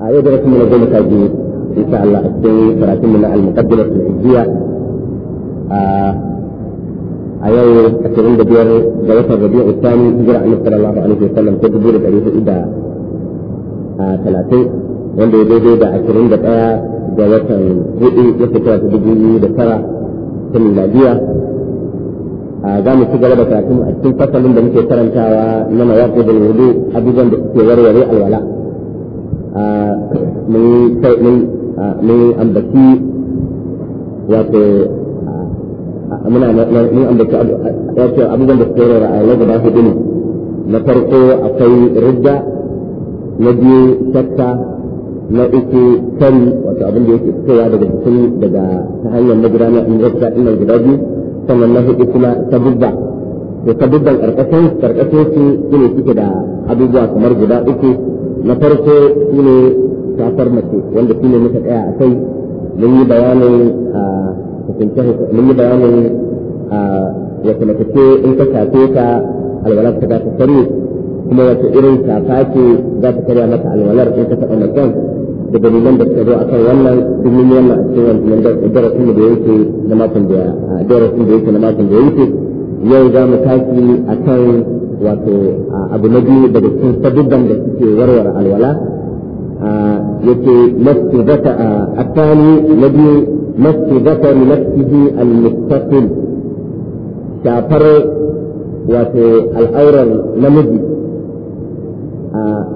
A yau da rasu mana goma sha biyu insha Allah a cikin karatun na al-muqaddimah al-hijjiya a yau ashirin biyar ga watan rabi'u thani hijira annabi sallallahu alaihi wasallam ta dubu da ɗari da talatin wanda ya daidai da ashirin da ɗaya ga watan hudu ya fita ta da tara ta miladiya za mu ci gaba da karatun a cikin fasalin da muke karantawa na mawaƙi da wudu abubuwan da suke warware alwala. mun ambaci wato muna mun ambaci wato abubuwan da suke rara a lagaba hudu ne na farko akwai ridda na biyu shakka na uku kari wato abin da yake fitowa daga jikin daga ta hanyar magudanar in rasta ina guda biyu sannan na hudu kuma sabubba to sabubban karkashin karkashin su ne suke da abubuwa kamar guda uku na farko ne shafar mace wanda ne muka tsaya a kai mun yi bayanin a hukunce mun yi bayanin a wata mace ce in ka shafe ta alwalar ta ta sarri kuma wata irin shafa ce za ta karya mata alwalar in ka taɓa mace da dalilan da suka zo a kan wannan sun yi wannan a cikin wannan darasin da yake na makon da ya da na makon da yau za mu tashi a kan wato abu na biyu daga cikin sabubban da suke warware alwala yake masjidata a tsani na biyu masjidata nafsihi al-mustaqil shafar wato al'aurar namiji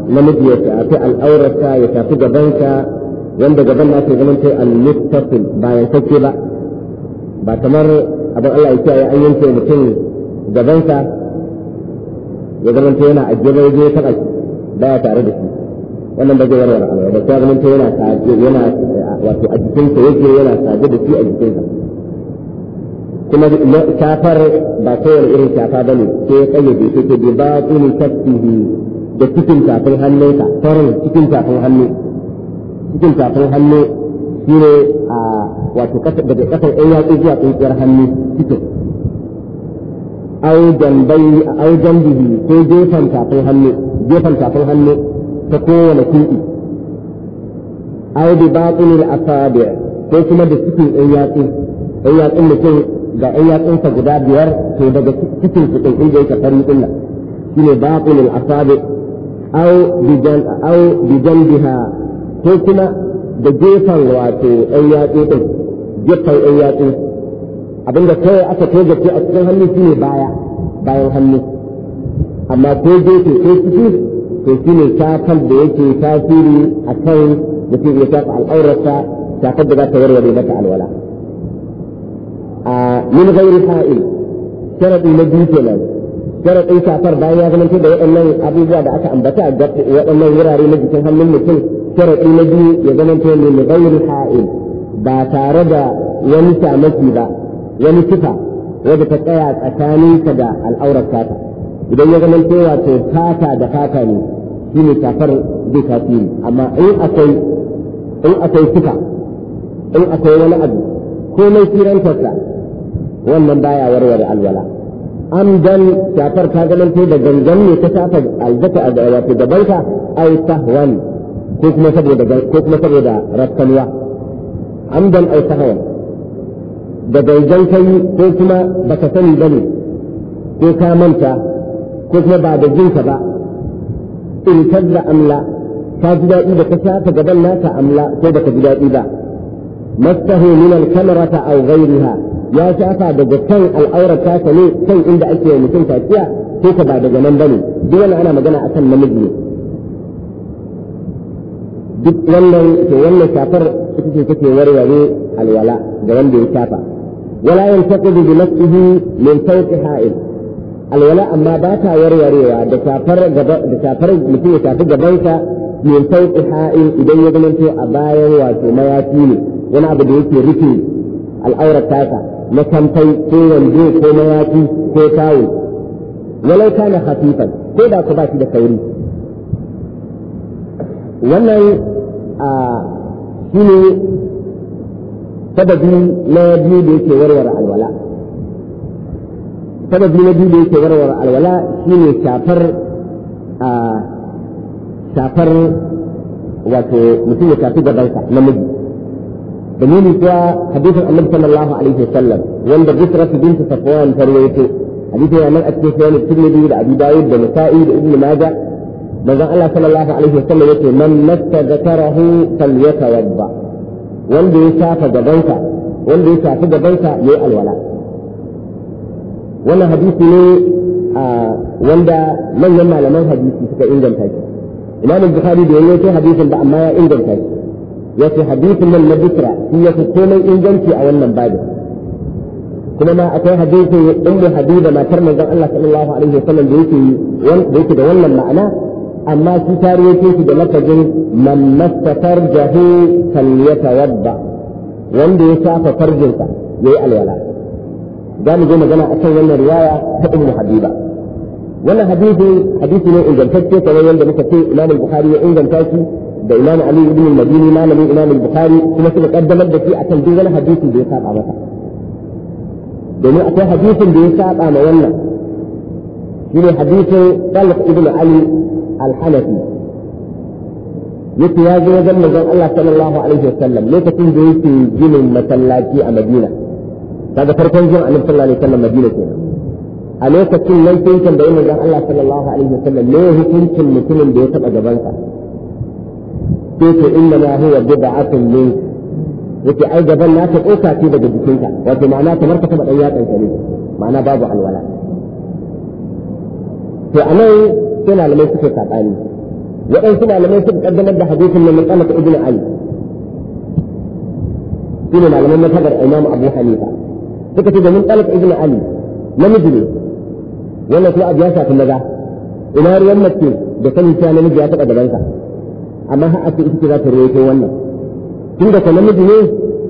namiji ya shafi al'aurarsa ya shafi gabanka wanda gaban na ke ganin kai al-mustaqil ba ya sake ba ba kamar abin Allah ya kiyaye an yanke mutum gabansa ya zamanta yana ajiyar ya je taɓa shi ya tare da shi wannan ba zai warware alwala ba ta zamanta yana yana wato a jikinsa yake yana saje da shi a jikinsa kuma shafar ba kowane irin shafa ba ne ke ya kayyade ke ke ba tsini tafihi da cikin tafin hannunsa farin cikin tafin hannu cikin tafin hannu shi ne a wato daga kasar ɗan yatsu zuwa tsintsiyar hannu cikin au jambai au jambihi ko gefen tafin hannu gefen hannu ta kowane kuɗi au bi batinil asabi ko kuma da cikin ɗan yatsu ɗan yatsun mutum ga ɗan yatsunsa guda biyar to daga cikin su ɗin inda yake fari ɗin nan shine batinil au bi jan au bi kuma da wato ɗan yatsu ɗin yatsu Abin da aka togace a cikin hannu shine baya bayan hannu amma ko gefe ko ciki to shine shafar da yake tasiri a kan mutum ya shafa al'aurarsa shafar da za ta warware mata alwala a min gairi ha'il sharadi na biyu kenan sharadin shafar bayan ya zama da waɗannan abubuwa da aka ambata a waɗannan wurare na jikin hannun mutum sharadi na biyu ya zama min gairi ha'il ba tare da wani samaki ba wani tufa wadda ta tsaya tsakaninka da al'aurar fata idan ya zama cewa to fata da fata ne shi ne kafar zai ne amma in akwai in akwai tufa in akwai wani abu ko mai firantarsa wannan baya warware alwala An amdan shafar ta zama to da gangan ne ta shafa aljaka a wato gabanka ai sahwan ko kuma saboda ko kuma saboda rakkanwa amdan ai sahwan da bai jan kai ko kuma ba ka sani bane ko ka manta ko kuma ba da jinka ba in tadda amla ka ji daɗi da ka shafa gaban naka amla ko ba ka ji daɗi ba mastahu min al-kamarata aw ghayriha ya shafa daga kan al'aurata ta ne kan inda ake wa mutum tafiya ko ka ba daga nan bane duk wannan ana magana akan namiji ne duk wannan to wannan shafar ita ce take warware alwala da wanda ya shafa ولا ينتقد بنفسه من فوق حائل الولاء أما باتا وروريا دشافر مثل شافر جبنك من فوق حائل إذا يظلمت أبايا واتو ما ياتيني وانا عبد يكي ركي الأورة تاتا مكانتي كو وندو كو ما ياتي كو تاوي ولو كان خفيفا كو دا كباتي دا كوري وانا آه شنو sababi na biyu da yake warware alwala sababi na biyu da yake warware alwala shine shafar a shafar wato mutum ya shafi gabansa namiji dalili kuwa hadisin annabi sallallahu alaihi wasallam wanda bisrat bint safwan tarwaye hadisin ya nan a cikin sunan tirmidhi da abi dawud da nasa'i da ibnu majah manzon Allah sallallahu alaihi wasallam yake man nasta zakarahu falyatawadda wanda ya shafa gabanka, wanda ya shafi gabanka ya yi alwala wannan hadisi ne a wanda manyan malaman hadisi suka inganta shi imam bukhari da yayin hadisin ba amma ya inganta shi yace hadisin nan na bukra shi yafi komai inganci a wannan babin kuma ma akwai hadisin ummu habiba matar manzon Allah sallallahu alaihi wasallam da yake da yake da wannan ma'ana amma shi ta ruwaito shi da lafazin man kan ya tawadda wanda ya shafa farjinsa yi alwala za mu je magana a kan wannan riwaya ta ummu habiba wannan hadisi hadisi ne ingantacce kamar yadda muka ce imam al-bukhari ya inganta shi da imam ali ibn al-madini malamin imam al-bukhari kuma suka kaddamar da shi akan duk wani hadisi da ya saba masa domin akwai hadisin da ya saba ma wannan shine hadisin Talib ibn Ali al-hanafi yake ya zo wajen manzon Allah sallallahu alaihi wasallam lokacin da yake ginin masallaci a Madina daga farkon zuwa annabi sallallahu alaihi wasallam Madina kenan a lokacin nan sai kan da manzon Allah sallallahu alaihi wasallam ne hukuncin mutumin da ya taba gabansa sai to inna ma huwa bid'atun min yake ai gaban na ta tsoka ce daga jikinka wato ma'ana kamar ka taba dan yatsan ka ne ma'ana babu alwala to anan sai malamai suka saɓani waɗansu malamai suka ƙaddamar da hadisin na matsalar ibn ali shi ne malaman matabar imam abu hanifa suka ce domin tsalaka ibn ali namiji ne wannan kuma abu ya shafi maza ina ruwan mace da sanin cewa namiji ya taɓa gabansa amma har ake ita ce za ta ruwaito wannan tun da namiji ne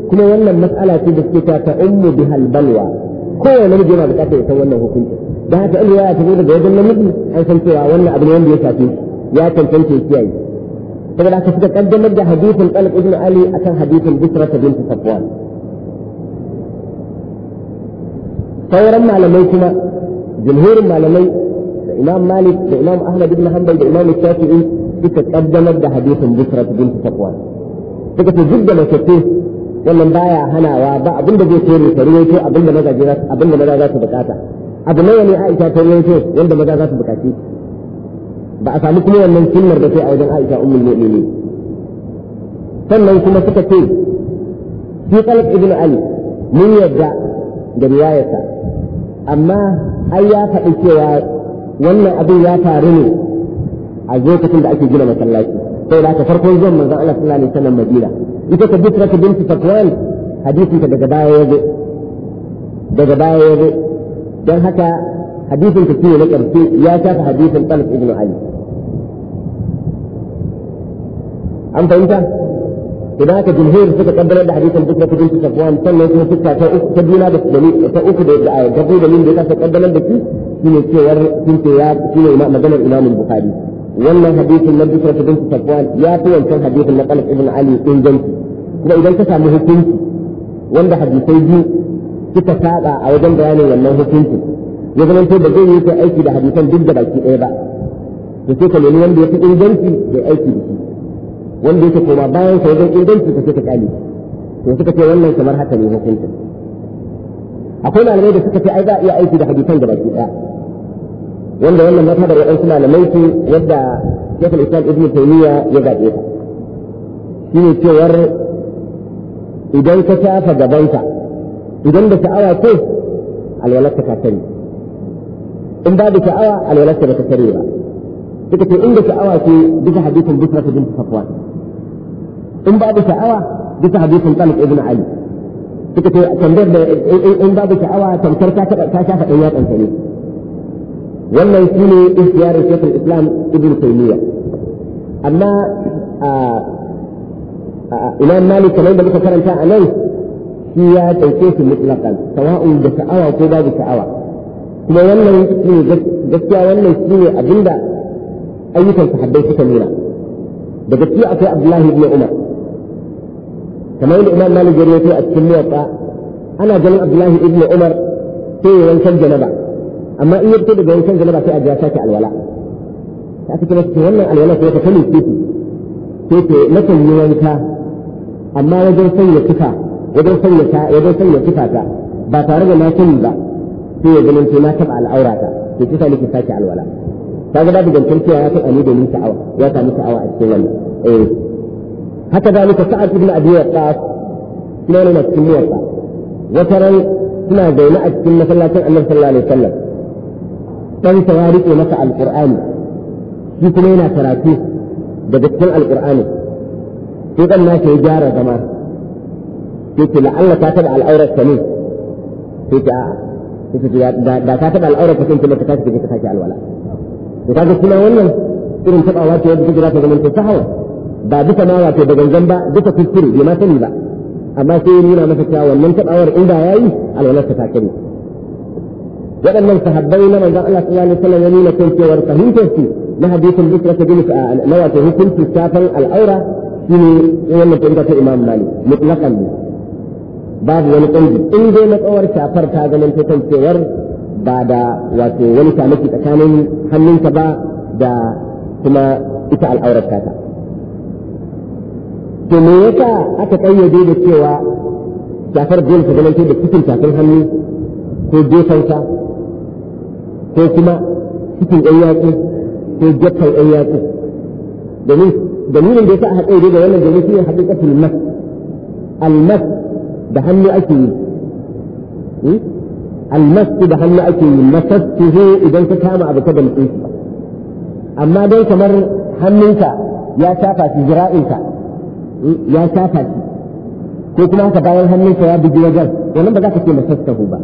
kuma wannan mas'ala ce da suke ta ta ummu bihal balwa kowane namiji yana bukatar ya san wannan hukuncin da haka in riwaya ta zo daga wajen namiji an san cewa wannan abu ne wanda ya shafi ya cancanta ya kiyaye saboda haka suka kaddamar da hadisin qalq ibn ali akan hadisin bisra bint safwan sauran malamai kuma jumhurin malamai da imam malik da imam ahmad ibn hanbal da imam shafi'i suka kaddamar da hadisin bisra bint safwan suka ce duk da mace wannan baya hanawa ba abin da zai kore ta ruwaito abin da na abin da maza za su bukata abu nawa ne Aisha ta ruwaito wanda maza za su bukaci ba a samu kuma wannan sunnar da sai a wajen Aisha ummul mu'minin sannan kuma suka ce fi qalb ibn ali mun yadda da riwayarsa amma ai ya faɗi cewa wannan abin ya faru ne a lokacin da ake gina masallaci sai da aka farkon zuwan manzon Allah sallallahu alaihi wasallam Madina ita ta bisra binti safwan hadisin ta daga baya yazo daga baya yazo dan haka hadisin ta kiyo na karshe ya shafa hadisin Talib ibn Ali an fahimta idan aka jumhur suka kaddara da hadisin bisra binti safwan sannan kuma suka ta uku ta biyu da dalil ta uku da da da min da ta kaddara da shi shine cewar shine ya shine maganar Imam Bukhari wannan hadisin na bisra bin safwan ya fi wancan hadisin na qalb ibn ali janti kuma idan ka samu hukunci wanda hadisai biyu suka saba a wajen bayanin wannan hukuncin ya zama ba zai yi kai aiki da hadisan duk da baki ɗaya ba to sai ka nemi wanda ya fi inganci da aiki da shi wanda yake koma bayan sa wajen inganci ka sai ka kale to suka ce wannan kamar haka ne hukuncin akwai malamai da suka ce ai za a iya aiki da hadisan da baki ɗaya wanda wannan ya waɗansu malamai ce yadda fi lissan ibn taimiyya ya zaɓe ta shi ne cewar idan ka shafa gabanka idan da sha'awa ce alwalarta ka sani in babu sha'awa alwalarta ba ta kare ba suka ce inda sha'awa ce bisa hadisin bisra ta bin safwan in babu sha'awa bisa hadisin talib ibn ali suka ce tambayar da in babu sha'awa tamkar ta shafa ɗan yatsan ne wannan shi ne ikhtiyar shekul islam ibn taymiya amma imam malik kamar da muka karanta a nan shi ya ɗauke shi mutlaqan sawa'un da sha'awa ko babu sha'awa kuma wannan shi ne gaskiya wannan shi ne abinda ayyukan sahabbai suka nuna da gaskiya akwai abdullahi ibn umar kamar yadda imam malik ya rawaito a cikin muwatta ana ganin abdullahi ibn umar sai ya wankan janaba amma in ya daga wankan janaba sai a ga sake alwala ta aka ce wannan alwala sai ta kame ce sai ce nakan yi wanka amma wajen sanya tufa wajen sanya ta wajen sanya tufa ta ba tare da na sani ba sai ya ganin ce na taba al'aura ta sai tufa nake sake alwala kaga babu gantar cewa ya taba ni da ni sha'awa ya samu sha'awa a cikin wannan eh haka ka sa'ad ibn abi waqas kuma na cikin wata ran suna zaune a cikin masallacin annabi sallallahu alaihi wasallam ɗansa ya riƙe masa alƙur'ani shi kuma yana karatu daga cikin alƙur'ani sai ɗan nasa ya gyara zama sai ce la'alla ta taɓa al'aurar ta ne sai ce a'a da ta taɓa al'aurar ta kuma ta tashi ta tashi alwala to ga kuma wannan irin taɓawa ce yadda take za ta zama ta sahawa ba duka ma wato da gangan ba duka kuskure bai ma sani ba amma sai ya nuna masa cewa wannan taɓawar inda yayi alwalar ta ta kare waɗannan sahabbai na manzon Allah sallallahu alaihi wasallam ya nuna kan cewar fahimtar su na hadisin bukra ta a na wato hukunci shafan al'aura shine wannan fahimta ta Imam Malik mutlaqan babu wani kanji in dai matsawar shafar ta ganin ta kan cewar ba da wato wani tamaki tsakanin hannunka ba da kuma ita al'aurar ta to me yasa aka kayyade da cewa shafar dole ta ganin ta da cikin shafin hannu ko gefensa ko kuma cikin ɗan yaƙi ko jaffan ɗan yaƙi domin dalilin da ya sa a haɗe da wannan domin shi ne haƙiƙatul mas almas da hannu ake yi hmm? almas da hannu ake yi masastuhu idan ka kama abu ka damtse shi amma dai kamar hannunka ya shafa shi jira'inka hmm, ya shafa shi ko kuma haka bayan hannunka ya bugi wajen wannan ba za ka ce masastuhu ba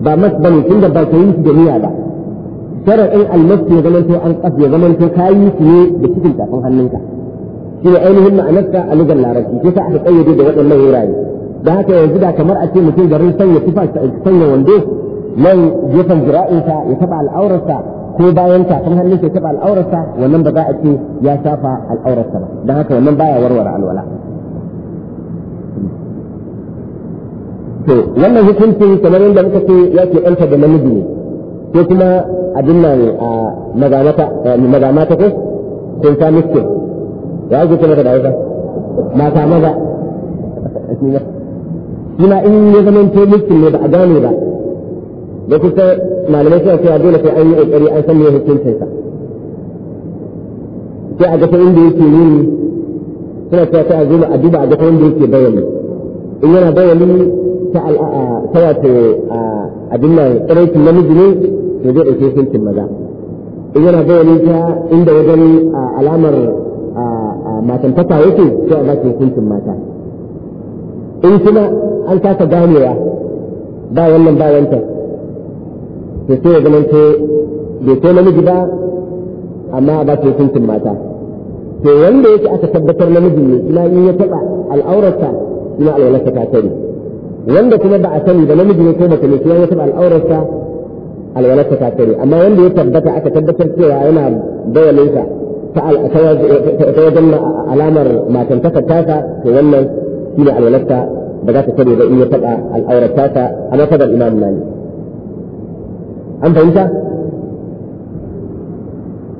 ba mas bane tunda ba ka yi shi da niyya ba sharadin almasu ya zamanto an ƙasa ya zamanto ka yi su ne da cikin tafin hannunka shi ne ainihin ma'anarsa a lugar larabci sai ta aka kayyade da waɗannan wurare da haka yanzu da kamar a ce mutum garin sanya tufa sanya wando nan gefen jira'insa ya taɓa al'aurarsa ko bayan tafin hannun ya taɓa al'aurarsa wannan ba za a ce ya shafa al'aurarsa ba don haka wannan baya warware alwala to wannan hukunci kamar yadda muka ce ya ke ɗanta da namiji ne ko kuma abin nan a mazamata ko kun ta miskin ya ake kuma da hausa mata maza suna in ya zama to miskin ne ba a gane ba da kusa malamai suna cewa dole sai an yi ƙoƙari an san me hukuncinsa sai a gasa inda yake nuni suna cewa sai a zo a duba a gasa inda yake bayani in yana bayani ta ta wato abin nan tsiraitin namiji ne da zai ɗauke filkin maza in yana bayani ta inda wajen alamar matantaka yake sai a ba ta filkin mata in kuma an kasa ganewa ba wannan ba wancan to sai ya ganin ta bai kai namiji ba amma a ba ta filkin mata to wanda yake aka tabbatar namiji ne ina in ya taɓa al'aurarsa ina alwalarsa ta tare wanda kuma ba a sani ba namiji ne ko mace ne kuma ya taɓa al'aurarsa alwalarsa ta kare amma wanda ya tabbata aka tabbatar cewa yana bayaninsa ta wajen alamar matantakar tasa to wannan shi ne alwalarsa ba za ta kare ba in ya taɓa al'aurar tasa a masabar imam mali an fahimta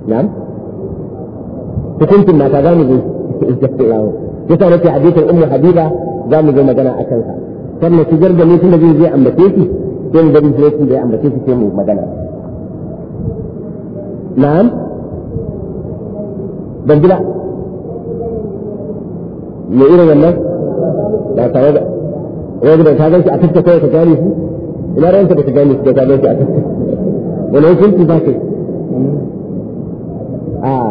na'am hukuncin mata za mu zo in ta yasa nake hadisin ummu habiba za mu zo magana a kansa sannan su gargame tun da zai je ambace shi sai mu gani sai da ya ambace shi sai mu magana na'am ban gida me irin wannan ba tare da wani da ta ganshi a tafka kawai ka gane shi ina ranka da ka gane shi da ka ganshi a tafka wani hukunci ba kai a ah,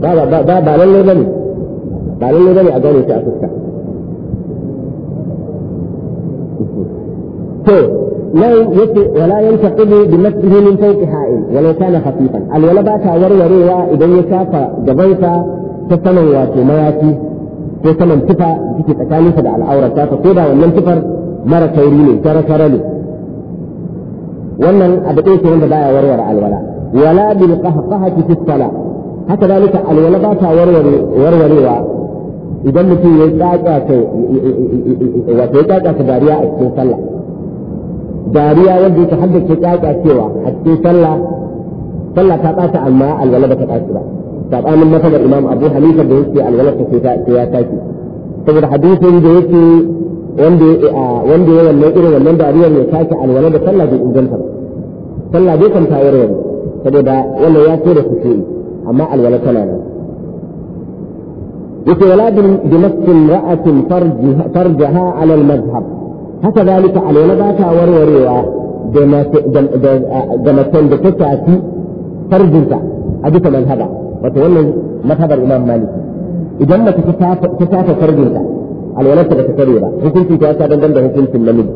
ba ba ba ba ba a gane shi a tafka to nan yake wala yanka yantaqidu bi nafsihi min fawqi ha'il walau kana khafifan alwala ba ta warwarewa idan ya shafa gabansa ta saman wato mayafi ko saman tufa take tsakaninsa da al'aurarsa ta ko da wannan tufar mara tauri ne tara tara ne wannan abu ɗaya ke wanda baya warware alwala wala bil qahqahati fi salat haka dalika alwala ba ta warware warwarewa idan mutum ya tsaka wato ya tsaka dariya a cikin sallah dariya yadda yake haddace kyakya cewa a cikin sallah sallah ta ɓata amma alwala ba ta ɓaci ba saɓanin masabar imam abu hanifa da yake alwala ta sai ya tashi saboda hadisin da yake wanda ya wanda ya wannan irin wannan dariyar ya tashi alwala da sallah bai inganta ba sallah bai kan tayar wani saboda wannan ya ce da su amma alwala tana nan yake wala bi nafsin ra'atin farjaha ala al-madhhab haka zalika alwala ba ta warwarewa da macen da ta shafi farjinta a bisa manhaba wato wannan mazhabar imam malik. idan mace ta shafa farjinta alwalarta ba ta kare ba hukunci ta sa dangan da hukuncin namiji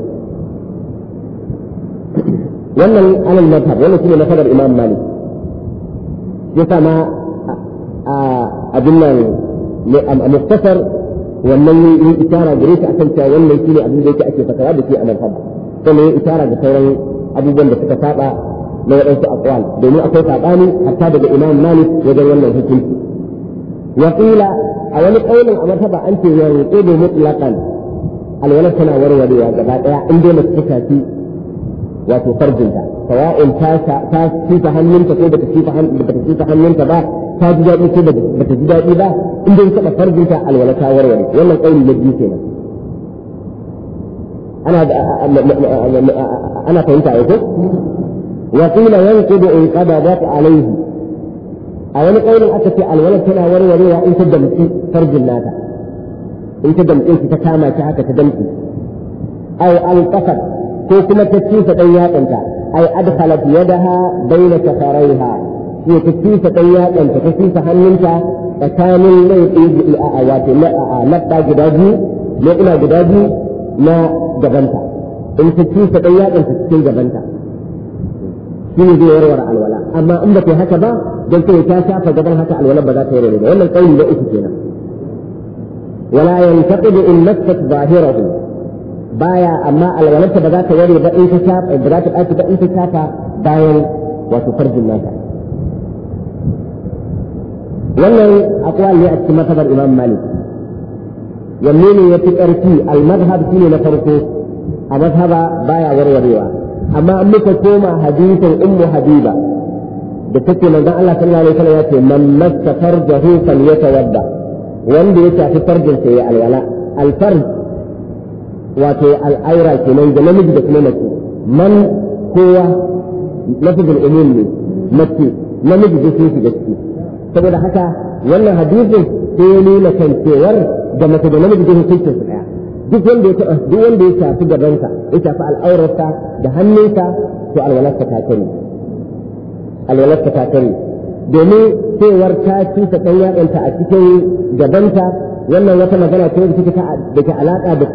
wannan alal mazhab wannan shine mazhabar imam malik. yasa ma a abin nan a muktasar wannan ne yi isara gare shi akan cewa wannan shi ne abin da yake ake fatara da shi a manhaj sannan yi isara ga sauran abubuwan da suka saba na waɗansu akwal domin akwai sabani hatta daga imam malik wajen wannan hukunci wa qila a wani kaulin a martaba an ce ya yuqidu mutlaqan alwala tana warwarewa gaba daya in dai mace ta ci wato farjinta sawa'in ta ta ci ta hannunta ko bata ci ta hannunta ba ta ji daɗi ko ba ta ji daɗi ba in dai taɓa farjinta alwala ta warware wannan ƙauli na biyu kenan ana ana fahimta ya ko wa qila yanqidu in qadadat alayhi a wani ƙaunin aka ce alwala tana warwarewa in ta damci farjin nata in ta damce shi ta kama shi haka ta damci aw alqasat ko kuma ta ci ta dan yatsanta ay adkhalat yadaha bayna kafaraiha في تكتيس قيادة في تكتيس حنينك فكامل ليس لأعوات لقى جدادي لقنا جدادي ما جبنتا إن تكتيس قيادة في تكتيس جبنتا في زيور وراء الولاء أما أمك هكذا جلت يتاسع فجبل هكذا الولاء بدا خير لدي ولا القول لئيس كنا ولا ينتقد إن نفسك ظاهره بايا أما الولد بدا خير لدي إن تكتيس بدا خير لدي إن تكتيس بايا وتفرج الناس wannan akwai ne a cikin matabar imam malik wanne ne ya fi ƙarfi almadhab shine na farko a mazhaba baya warwarewa amma an muka koma hadisin ummu habiba da take manzon Allah sallallahu alaihi wasallam ya ce man massa farjahu falyatawadda wanda yake a farjin sa ya alwala alfarj wato al'aura kenan da namiji da kuma mace man kowa lafazin umum ne mace namiji da sun su gaske. saboda haka wannan hadisin sai ya nuna kancewar da mace da namiji da hukuncin su daya duk wanda ya taɓa duk wanda ya shafi gabansa ya shafi al'aurarsa da hannunsa to alwalarsa ta kare alwalarsa ta kare domin cewar ta cuta ɗan yaɗanta a cikin gabanta wannan wata magana ce da take da ke alaƙa da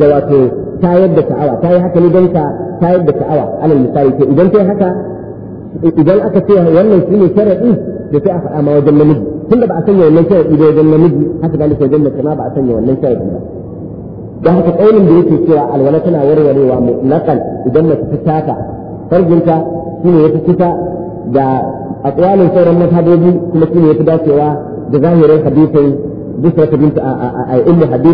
da wato tayar da sha'awa ta yi haka ne don ta tayar da sha'awa alal misali ce idan ta yi haka idan aka ce wannan shi ne sharaɗi da sai a faɗa ma wajen namiji tun da ba a sanya wannan sharaɗi ba wajen namiji haka zalika wajen mace ma ba a sanya wannan sharaɗi ba da haka ƙaunin da yake cewa alwala tana warwarewa mutlaqan idan mace ta taka farjinta shi ne yafi kusa da akwalin sauran mazhabobi kuma shi ne yafi dacewa da zahirin hadisin بسرة بنت bal wani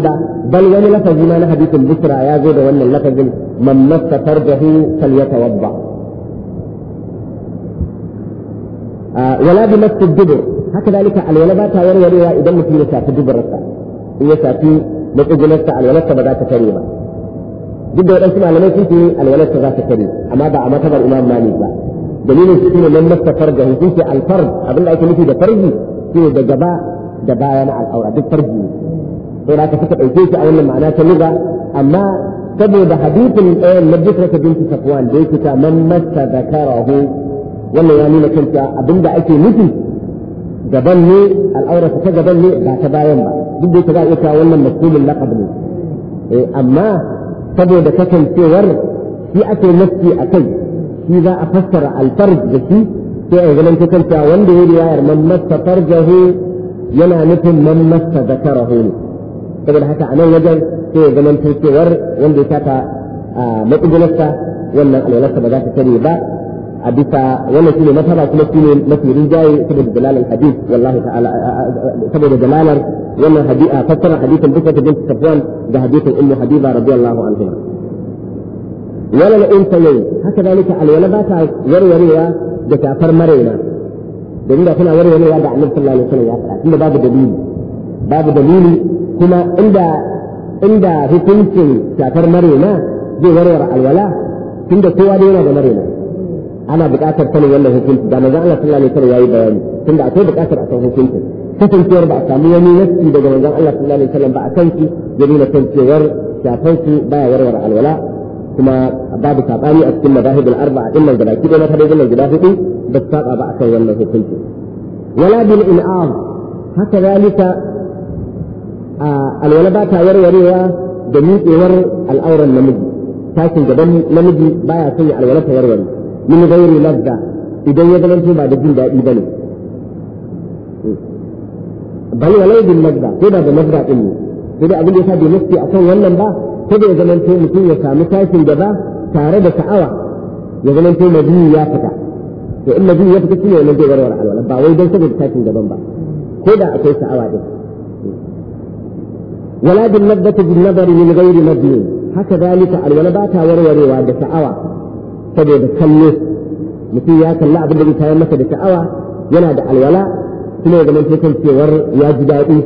بل ولي na hadisin حديث ya zo da wannan اللفظ من مس فرجه فليتوضأ آه، ولا بمس الدبر هكذلك الولدات هاي الولدات إذا لم في يساة الدبر رسا يساة نتجي نفسها الولدات بذات كريمة جدا وقال اسمها لما يسيتي الولدات بذات كريمة أما دع ما تبع الإمام مالي با. دليل السكين لم مس فرجه يسيت الفرج أبن الله يسيتي ده فرجي فيه ده جباء جباء مع يعني الأورا ده فرجي إذا كفتت أيديك أولا معناه كلغة أما تبو ده حديث الآن مجد لك بنت صفوان ديكتا من مس ذكره wannan ya nuna kan cewa abinda ake nufi gaban ne al'aurata ta gaban ne ba ta bayan ba duk da yake za a iya cewa wannan masulin laqab ne eh, amma saboda kasancewar shi ake nafsi a kai shi za a fassara alfar da shi sai a ganin kan cewa wanda ya riwayar man masta farjahu yana nufin man masta zakarahu ne saboda haka a nan wajen sai ya ganin cewar wanda ya saka ah, matsugunarsa wannan alwalarsa ba za ta tare ba حديثا ولكن مثلا كل شيء مثل رجاي سبب جلال الحديث والله تعالى سبب جلالا ولا حديث فسر حديث البكر بنت صفوان بحديث الام حبيبه رضي الله عنها ولا الانثيين هكذا لك على ولدات يروي بكافر مرينا دليل هنا يروي يا بعد النبي صلى الله عليه وسلم هنا باب دليل باب دليل هنا عند عند في كل شيء كافر مرينا دي ورير الولاء عند سوى دينا ومرينا ana buƙatar sanin wannan hukunci da manzon Allah sallallahu alaihi wasallam yayi bayani tunda akwai buƙatar a san hukunci kasancewar ba a samu wani nasi daga manzon Allah sallallahu alaihi wasallam ba a kan ya nuna kan cewar shafan ba ya warware alwala kuma babu sabani a cikin mazahibul arba'a din nan gaba kida na fadin nan guda hudu ba su saba ba akan wannan hukunci wala bil in'am haka zalika alwala ba ta warwarewa da miƙewar al'auran namiji tashin gaban namiji baya sanya alwala ta warware min gairi lazza idan ya zama ba da jin daɗi ba ne bal walai bin lazza ko da da lazza ɗin ne sai da abin da yasa bai a kan wannan ba ko da ya zama mutum ya samu tashin gaba tare da sa'awa ya zama to madini ya fita to in madini ya fita shi ne wannan zai warware alwala ba wai dan saboda tashin gaban ba ko da akwai sha'awa din ولا بالنبذة بالنظر من غير مدين هكذلك الولبات وروروا دسعوا saboda kallo mutum ya kalli abin da zai tayar masa da sha'awa yana da alwala kuma ya zama kan cewar ya ji daɗi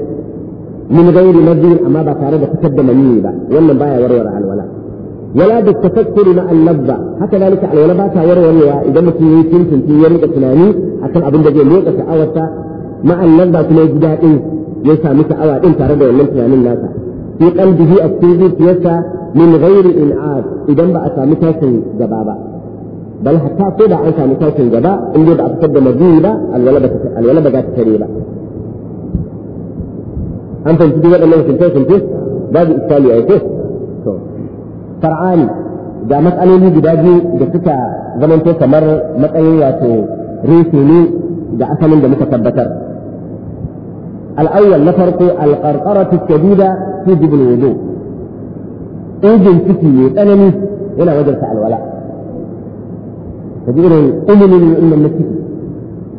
min gairi mazin amma ba tare da fitar da maniyyi ba wannan baya warware alwala wala da tafakkuri na allabba haka zalika alwala ba ta warwarewa idan mutum ya yi tuntunci ya rika tunani akan abin da zai motsa sha'awarsa ma allabba kuma ya ji daɗi ya sami sha'awa din tare da wannan tunanin nasa fi qalbihi a cikin zuciyarsa min ghairi in'ad idan ba a sami tashin gaba ba بل حتى تضع طيب عيسى مساكي الجباء اللي يضع تصد مزيدة الولد الولد جات كريبة أنت تبي تقول أنه في كيس كيس بعد إسرائيل أي كيس طيب. فرعان جامعة أنا لي بدأني جسكا زمن كيس مر مطعيني ياتو ريسيني جاء أسلم جمسة البتر الأول نفرق القرقرة الشديدة في جبل الوضوء إيجن سيتي يتنمي هنا وجرس على الولاد ka ji irin ilimin nan na ciki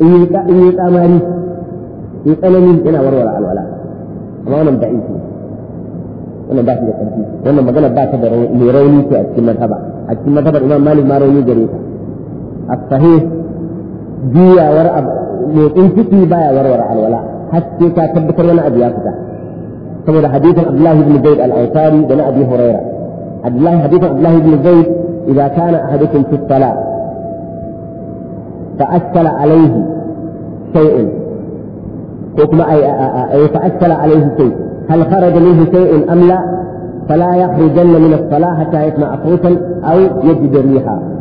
in yi tsamari in tsanani yana warware alwala amma wannan da isi wannan ba shi da ƙarfi wannan magana ba ta da mai rauni ce a cikin mazhaba a cikin mazhabar imam malik ma rauni gare ta a sahih juyawar motsin ciki baya warware alwala haske ta tabbatar wani abu ya fita saboda hadisin abdullahi ibn zaid al-ansari da na abi huraira abdullahi hadisin abdullahi ibn zaid idza kana ahadukum fi salat تأثر عليه شيء وكما أي, أي تأثر عليه شيء هل خرج منه شيء أم لا فلا يخرجن من الصلاة حتى يسمع صوتا أو يجد ريحا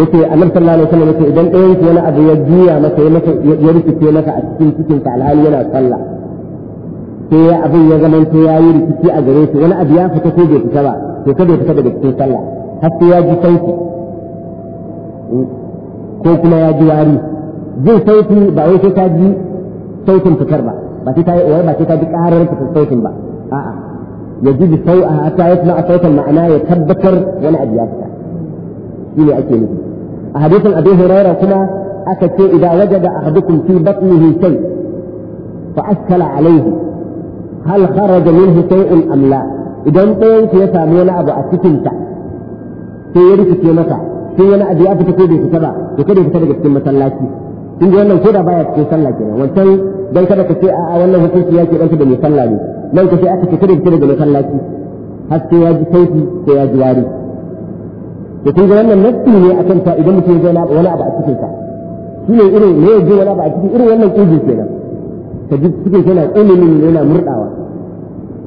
yace annabi sallallahu alaihi wasallam yace idan ɗayan wani abu ya juya masa ya masa ya rikice masa a cikin cikin ta alhali yana sallah sai ya abin ya zama to yayi rikici a gare shi wani abu ya fita ko bai fita ba to kada ya fita daga cikin sallah har sai ya ji sauki ko kuma ya ji wari jin sauti ba wai sai ka ji sautin fitar ba ba sai ka yi ba sai ka ji karar fitar sautin ba a'a ya ji bi sau a ta yi a sautin ma'ana ya tabbatar wani abu ya fita shi ne ake nufi a hadisin abu huraira kuma aka ce idan wajada ahadukum fi batnihi shay fa askala alayhi hal kharaja minhu shay'un am la idan ɗayan ya samu wani abu a cikinta sai ya rikice masa sai wani abu ya fita ko bai fita ba to kada ya fita daga cikin masallaci in ji wannan koda baya cikin sallah kenan wancan dan kada ka ce a wannan hukunci ya dan danta da mai sallah ne nan ka ce aka ce kada ya fita daga masallaci har sai ya ji sauki sai ya ji wari to kun ga wannan nafsi ne akan ta idan mutum ya ga wani abu a cikin ka shine irin ne ya ji wani abu a cikin irin wannan kiji kenan ka ji cikin yana ilimin yana murdawa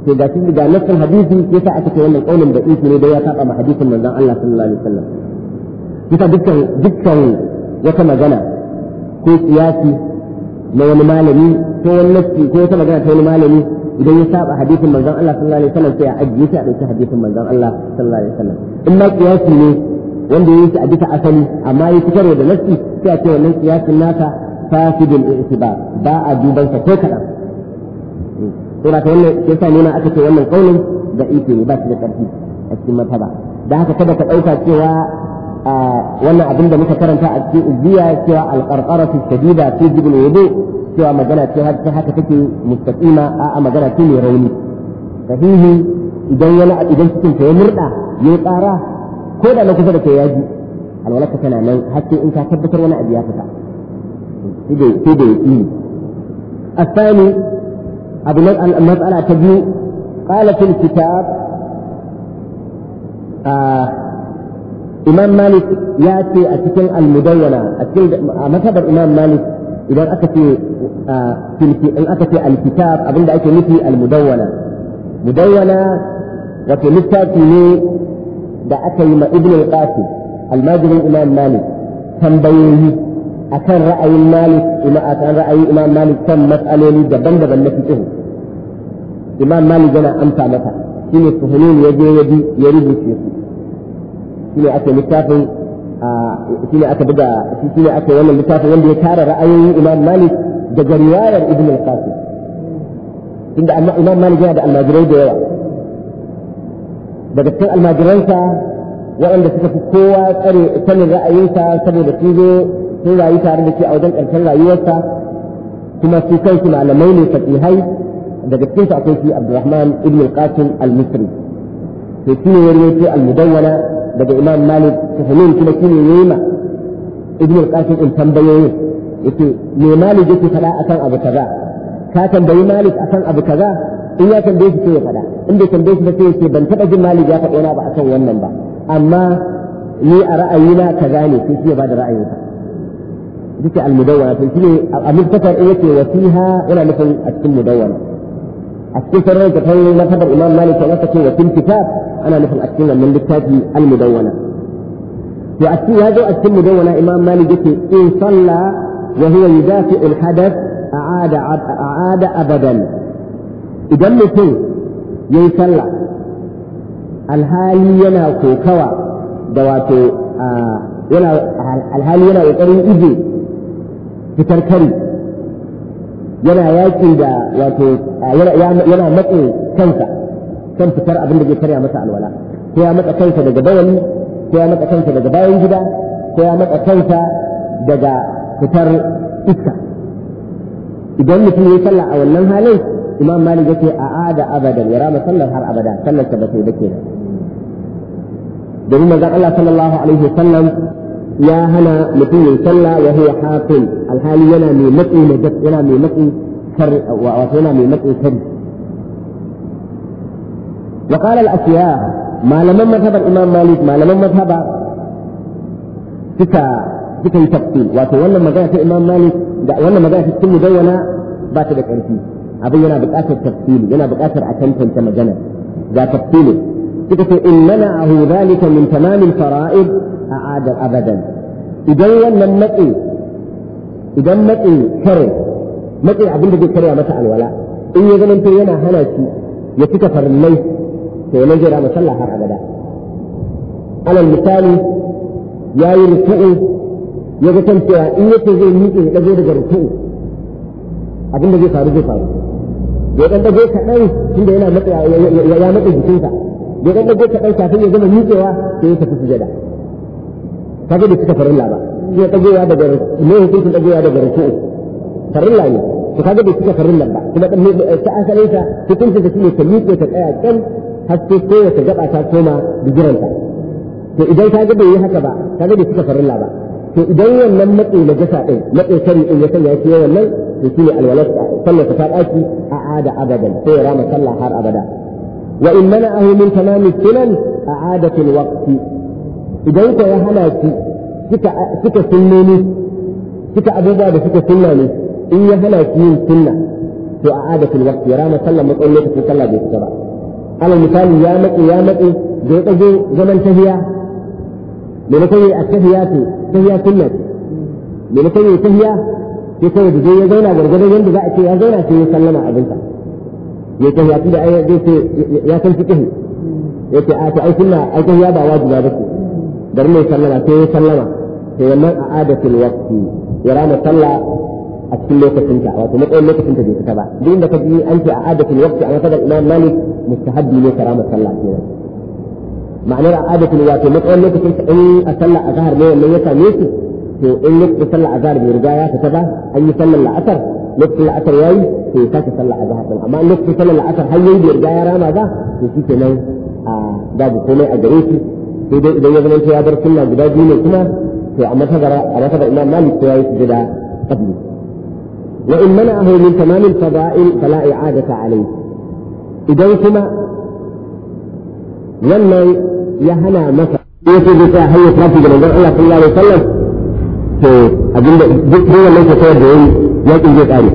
to ga shi ga nassin hadisi yasa aka ce wannan kaulin da isi ne da ya saba ma hadisin manzon Allah sallallahu alaihi wasallam bisa dukkan dukkan wata magana ko siyasi na wani malami ko wani ko wata magana ta wani malami idan ya saba hadisin manzon Allah sallallahu alaihi wasallam sai a ajiye shi a dauki hadisin manzon Allah sallallahu alaihi wasallam in ma siyasi ne wanda ya yi shi a bisa asali amma ya fitarwa da nasi sai a ce wannan siyasin naka fasidul i'tibar ba a duban sa ko kadan to da wannan yasa nuna aka ce wannan kaulin da ne ba shi da karfi a cikin mazhaba da haka kada ka dauka cewa wannan abin da muka karanta a cikin izziya cewa alqarqaratu shadida fi jibul wudu cewa magana ce ta haka take mustaqima a magana ce mai rauni sahihi idan yana idan cikin ta ya murda ya tsara ko da na kusa da kai yaji ji alwalaka tana nan hakke in ka tabbatar wani abu ya fita sai da yi الثاني أبو المسألة تبي قال في الكتاب آه imam malik ya ce a cikin almudawwana a cikin matabar imam malik idan aka ce in aka ce abinda ake nufi almudawwana mudawwana wato littafi ne da aka yi ma ibn al-qasim almajirin imam malik tambayoyi akan ra'ayin malik akan ra'ayin imam malik kan matsaloli daban-daban na fiqh imam malik yana amsa mata shine suhunun ya je ya bi ya su shine aka littafin shine aka buga shine aka wannan littafin wanda ya tara ra'ayoyin Imam Malik daga riwayar Ibn al-Qasim inda amma Imam Malik yana da almajirai da yawa daga cikin almajiransa waɗanda suka fi kowa tsare sanin ra'ayinsa saboda su zo sun rayu tare da shi a wajen ƙarshen rayuwarsa kuma su kansu malamai ne fasihai daga cikinsu akwai shi Abdulrahman ibn al-Qasim al-Misri to shi ne ya rawaito al-Mudawwana daga imam malik tafsirin kuma shine yema ibnu qasim in tambayoyin yace me malik yake faɗa akan abu kaza ka tambayi malik akan abu kaza in ya tambaye shi sai ya faɗa in bai tambaye shi ba sai ya ban taɓa jin malik ya faɗa yana ba akan wannan ba amma ni a ra'ayina kaza ne sai shi ya bada ra'ayinsa duka al-mudawwana to ne a mustafar yake wasiha yana nufin a cikin mudawwana السفر كتير مذهب الإمام مالك وسكي وفي الكتاب أنا مثل السنة من الكتاب المدونة وأكتير هذا السنة مدونة إمام مالك يقول إن صلى وهو يدافع الحدث أعاد أعاد أبدا إذا مثل يصلى الحالي ينا كوكوا دواتو آه ينا الحالي ينا يقرن في تركري yana yakin da wato yana matse kansa kan fitar abin da ke karya masa alwala sai ya matsa kansa daga bawani sai ya matsa kansa daga bayan gida sai ya matsa kansa daga fitar iska idan mutum ya sallah a wannan halin imam malik yake a ada abadan ya rama sallar har abada sallar ta ba sai da kenan domin manzon Allah sallallahu alaihi wasallam يا هنا لكل صلى وهي حاقل الحال ينا من مقي نجد ينا من مقي كر وينا من مقي كر وقال الأشياء ما لم مذهب الإمام مالك ما لم مذهب كتا كتا يتقتل وأتولى ما جاءت الإمام مالك وأنا ما جاء في كل دولة باتت أنتي أبي أنا بتأثر تقتيل أنا بتأثر أتنتن كما جنى جاء تفصيل كتا إن منعه ذلك من تمام الفرائض a'adar abadan idan wannan matsi idan matsi kare matsi abin da zai karya mata alwala in ya zama to yana hana shi ya fita farillai to yana jira sallah har abada alal misali yayi ruku'u ya ga kan cewa in yake zai miƙe ya ɗago daga ruku'u abin da zai faru zai faru ya ɗan ɗago tun tunda yana matsa ya matsa jikinsa ya dan ɗago kaɗan kafin ya gama miƙewa sai ya tafi sujada kaga bai cika farilla ba ya dagowa daga ne hukuncin dagowa daga ruku'u farilla ne to kaga bai cika farilla ba kuma dan ta asalin sa hukuncin da shine ta miƙe ta tsaya kan haske ko ta gaba ta koma bijiranta to idan kaga bai yi haka ba kaga bai cika farilla ba to idan wannan matsi na jasa din matsi sari din ya sanya shi wannan to shine alwalat sallar ta daki a ada abadan sai ya rama sallah har abada wa in mana'ahu min tamami sunan a'adatul waqti idan ka ya hana ki kika ne kika abubuwa da suka sunna ne in ya hana ki yin sunna to a adatul waqti rana sallah tsalle lokacin sallah bai fita ba alal misali ya matsi ya matsi da ya tsaje zaman tahiya maimakon a tahiya ce tahiya sunna maimakon ya tahiya sai kawai da ya zauna gargadon yadda za a ce ya zauna sai ya sallama abinsa ya tahiya ya ai ya san fiqh yace a ta ai sunna ai tahiya ba wajiba ba ce برمي سلمة في سلمة هي من أعادة الوقت يرانا صلى أكل لوكة سنتا وتمقل لوكة سنتا دي كتبع دين لك دي أنت أعادة الوقت أنا فضل إمام مالك مستهد لي كرامة صلى كينا معنى أعادة الوقت مقل لوكة سنتا إن أصلى أظهر ليه من يسا ميسي في إن لك تصلى أظهر برجايا كتبع أن يصلى الأثر لك العصر ياي في ساكة صلى أظهر أما لك تصلى الأثر هل يجي برجايا راما ذا يسيك نو babu komai a gare shi sai dai idan ya zama ya bar sunna guda biyu ne kuma to a matabar a matabar imam malik sai yayi sujada qabli wa in mana'ahu min tamam al-fada'il fala i'adata alayhi idan kuma wannan ya hana masa yake bisa hanyar tafi da manzon Allah sallallahu alaihi wasallam to abinda duk wannan ka sayar da yayi yakin zai kare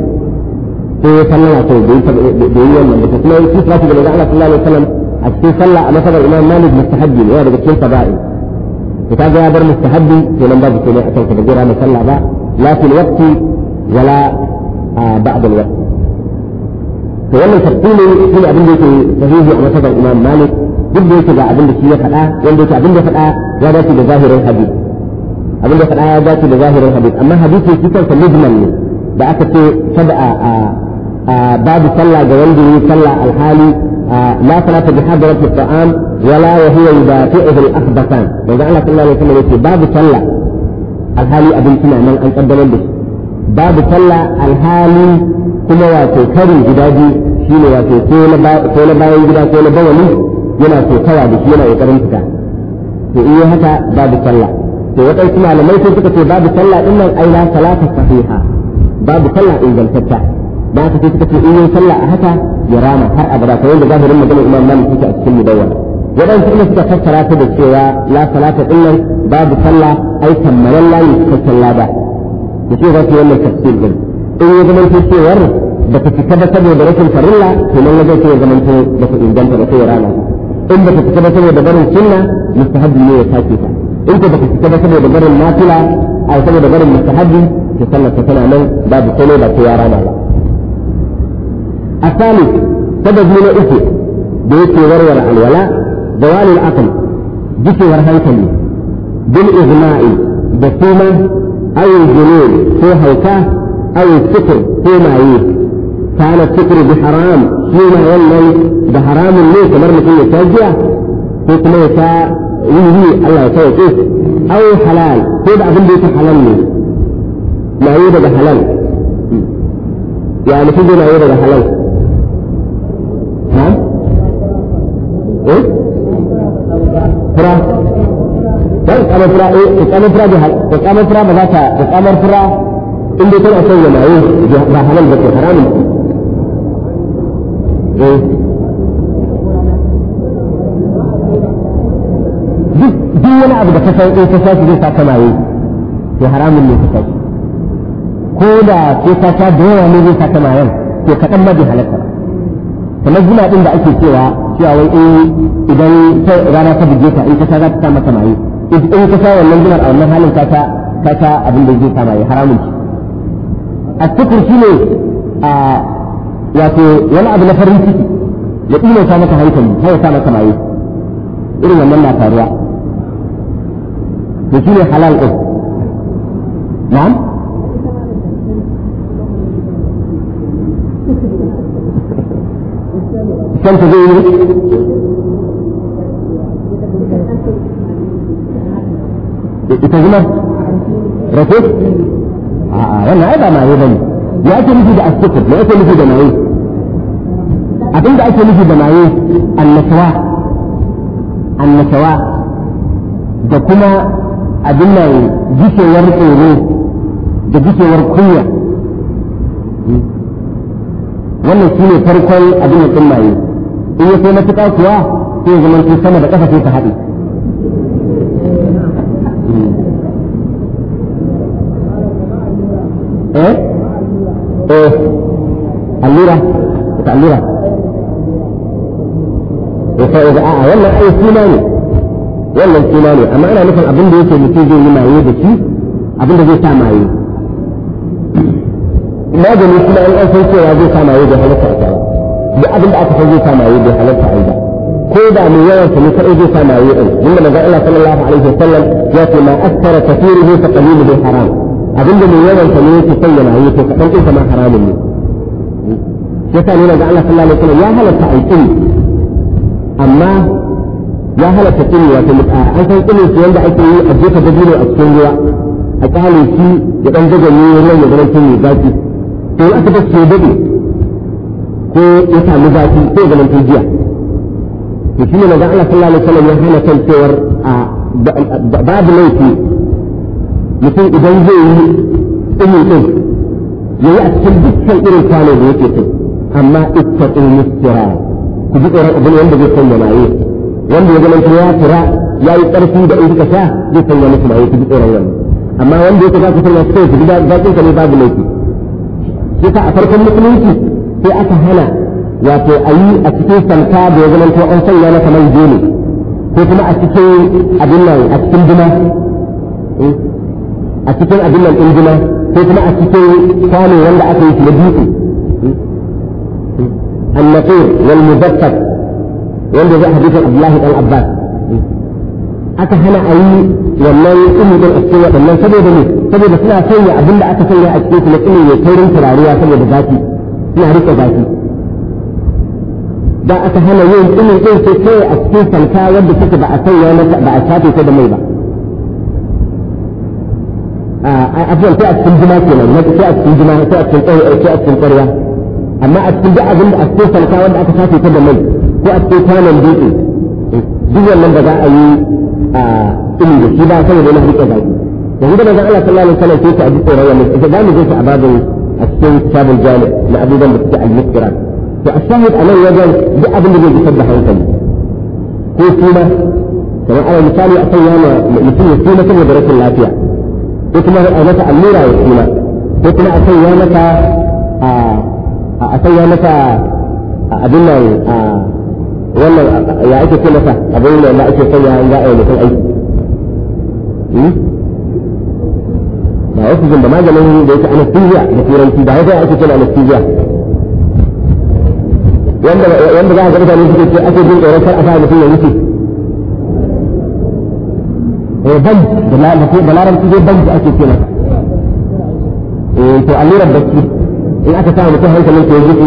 sai ya sallama to bai yi wannan da kuma yake tafi da manzon Allah sallallahu alaihi wasallam أكتب صلى مثلا الإمام مالك مستحدي يا رب كل فضائي كتاب يا بر مستحدي في لمبا بسنة أتوك بجرى ما صلى بقى لا في الوقت ولا آه، بعد الوقت فيولي سبتيني في أبن بيتي فهيه أما صدى الإمام مالك جد بيتي بقى أبن بيتي فتاة يوم بيتي أبن بيتي فتاة يا ذاتي بظاهر الحديث أبن بيتي فتاة يا ذاتي بظاهر الحديث أما حديثي كتاب فمجمل بقى كتاب سبقى باب صلى جواندي صلى الحالي لا صلاة بحضرة الطعام ولا وهو يدافعه الأخبثان وإذا الله صلى الله عليه وسلم يقول باب صلى الهالي أبن سنة من أن قدم به باب صلى الهالي كما واتو كري جداجي شين واتو كولا باين جدا كولا بولي ينا تو كوا بك ينا يقرم تكا تو إيه هكا باب صلى تو وطي سنة لما يكون تكتو باب صلى إنه أي لا صلاة صحيحة باب صلى إن جلتك ba haka sai suka in yi sallah a haka ya rama har abada kamar da zahirin maganar imam malik yake a cikin mudawwana waɗansu inda suka fassara ta da cewa la salata illan babu sallah ai kammalan la ne cikakken lada da ce za su wannan tafsir din in ya zama cewar da ta fita ba saboda rashin farilla to nan wajen sai ya zama da ta inganta da sai ya rama in ba ta fita ba saboda barin sunna mustahabbi ne ya sake ta in ka ba ta fita ba saboda barin nafila a saboda barin mustahabbi to sallar ta tana nan babu komai ba ta ya rama ba الثالث سبب من أكي بيتي ورور عن ولا دوال العقل ورهاي ورهيتني بالإغناء بسومة أو الجنون في هوكا أو السكر في معيه كان السكر بحرام فيما يلي بحرام اللي كمر مثل يتوجع فيما يتا يهدي الله يتوجه أو حلال تبع بلدي حلال معيه بحلال يعني تجي معيه بحلال eh fura dan kamar fura eh ta kamar fura da ta kamar fura ba za ta ta kamar fura in dai son yana yi ba halal ba ke haramun eh duk duk wani abu da ka san in ka shi zai sa kana yi haramun ne ka sha ko da ko ka sha da yawa ne zai sa kana yin to kaɗan ma bai halatta kamar zina ɗin da ake cewa cewa wai in eh, idan rana ta buge ta in ka za ta sa maka maye in ka sa wannan ginar a wannan halin ka ta ta abin da zai sa maye haramun ci a cikin shi ne a wato wani abu na farin ciki ya ɗino sa maka hankali har ya sa maka maye irin wannan na faruwa to shi ne halal ɗin na'am كم تزيني تزيني رفض a'a wannan ai ba maye bane ya ake nufi da asfukut me ake nufi da maye abin da ake nufi da maye annasawa annasawa da kuma abin nan gishewar tsoro da gishewar kunya hmm. wannan ne farkon abin da maye in ya kai matuƙa kuwa sai zama ko sama da ƙasa sai ta haɗe eh eh allura ta allura ya sai ga a'a wannan ai suna ne wannan suna ne amma ana nufin abin da yake mutum zai yi maye da shi abin da zai sa maye magani kuma an san cewa zai sa maye da halitta a duk abin da aka san zai sa maye bai halarta a yi ba ko da mai yawan sa ne kaɗai zai sa maye ɗin inda manzo Allah sallallahu alaihi wasallam ya ce ma askara kafiruhu fa qaliluhu haram abin da mai yawan sa ne yake sanya maye to kaɗan ɗin sa ma haramun ne yasa ne manzo Allah sallallahu alaihi wasallam ya halarta a yi amma ya halarta tsini wato an san tsini shi wanda ake yi a jefa dabino a cikin ruwa a kyale shi ya ɗan zaganye ruwan ya zama tsini zaki to in aka ga ke daɗe ko ya samu zafi ko zaman jiya to shine manzon Allah sallallahu alaihi wasallam ya hana kan cewar babu laifi mutum idan zai yi tsumin din yi a cikin dukkan irin kwano da yake kai amma ittaqu mustira ku ji tsoron abin wanda zai sanya maye wanda ya zama ya tura ya yi ƙarfi da in kuka sha zai sanya musu maye ku ji tsoron wannan amma wanda yake za ku sanya su kai ku ji zaƙin ka ne babu laifi yasa a farkon musulunci sai aka hana wato a yi a cikin santa da ya zama to an sanya mata man gole ko kuma a cikin abin nan a cikin duma eh, a cikin abin nan duma ko kuma a cikin kwano wanda aka yi shi na dutse النقير eh, والمبتت wanda zai hadisa Abdullahi dan Abbas eh, aka hana a yi wannan ilmi a cikin waɗannan saboda ne saboda suna sanya abin da aka sanya a cikin su na ilmi ya taurin turariya saboda zafi يعرف ذاته دا أتهنى يوم إن يكون في كي أكتوفا كاوة بسك بأسي يوم بأساتي كده ميبا آه، أفضل في أكتن جماسي لن يكون في أكتن جماسي في أكتن أي أي في أكتن قرية أما أكتن جاء ذنب أكتوفا كاوة بأساتي كده ميبا في أكتوفا نبيتي دي من بدأ أي إن آه، يكون في بأسي يوم بأساتي كده ميبا وهذا ما قال صلى الله عليه وسلم في تعديد قرية من إذا دام يجيس أبادي أتكون كتاب الجامع لأبو ذنب بتاع المذكرات فالشاهد أمام وجل بأبو اللي يصبح عن فلي آه، آه، آه، كل سيمة كما أنا مثالي يأتي أنا مثل سيمة ودرس درس اللافية وكما أنا أميرة وسيمة وكما أصلي أنا أصلي أنا أبن wannan أنا ake ce masa abin da ake sanya an za'a mutum aiki oxygen da maganin da yake anesthesia da turanci da haka ake kira anesthesia wanda wanda za ka ga mutane suke ce ake jin tsoron kar a sa mutum ya wuce eh ban da larabci dai ban ake ce masa eh to allurar da in aka sa mutum hankalin ko yake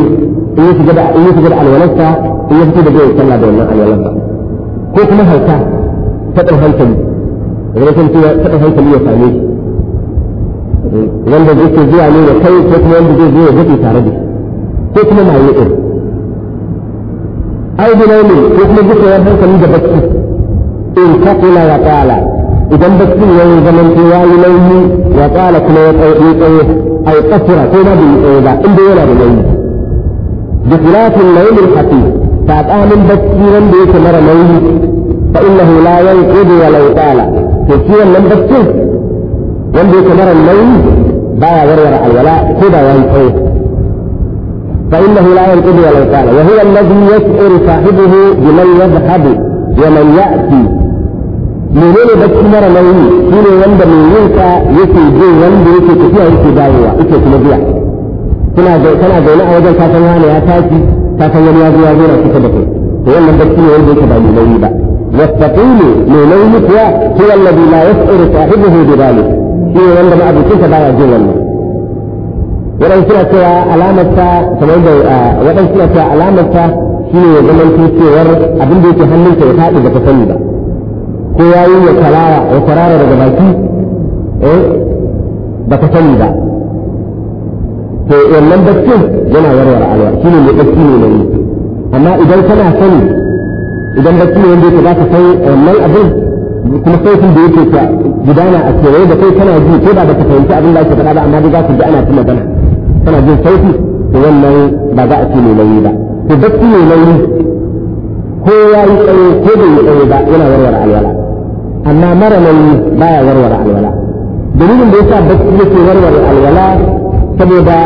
in ya shiga da in ya shiga da alwalarsa in ya fito da zai sallah da wannan alwalarsa ko kuma hauka ta hankali rashin ta hankali ya same shi wanda zai ke zuwa ne da kai ko kuma wanda zai zo ya zafi tare da ko kuma yi ɗin ai gina ne ko kuma duka yan hankali da bacci in ka kula ya ta'ala idan bacci ya yi zaman ko ya yi nauyi ya ta'ala kuma ya tsaye tsaye ai kasura ko ma bai yi tsaye ba inda yana da launi. da filafin launin hafi tsakanin bacci wanda yake mara launi fa innahu la yanqudu wa la yutala to shi wannan baccin wanda yake mara nauyi baya warware alwala ko da yayi tsaye فإنه لا ينقضي ولا يقال وهو الذي يشعر صاحبه بمن يذهب ومن يأتي menene bacci mara nauyi shi wanda mai yake jin wanda yake tafiya yake dawowa yake kuma biya kana da a wajen kasan wani ya tashi kasan wani ya zo ya zo na kusa da kai to wannan bacci ne wanda yake ba mai nauyi ba والثقيل من نومك هو الذي لا يشعر صاحبه بذلك shi ne wanda ma'abucinsa baya jin wannan waɗansu suna cewa alamarta kamar da waɗansu suna cewa alamarta shi ne zaman cewar abin da yake hannunka ya faɗi da ka sani ba ko ya yi ya karara ya karara daga baki eh ba ka sani ba to wannan baccin yana warware alwa shi ne mai bacci ne mai amma idan kana sani idan bacci ne wanda yake za ka san wannan abin kuma sautin da yake gudana a kewaye da kai kana ji ko da baka fahimci abin da ake faɗa ba amma dai za ku ji ana ta magana kana jin sauti to wannan ba za a ce mai nauyi ba to bacci mai nauyi ko ya yi tsaye ko bai yi tsaye ba yana warware alwala amma mara nauyi ya warware alwala dalilin da yasa bacci yake warware alwala saboda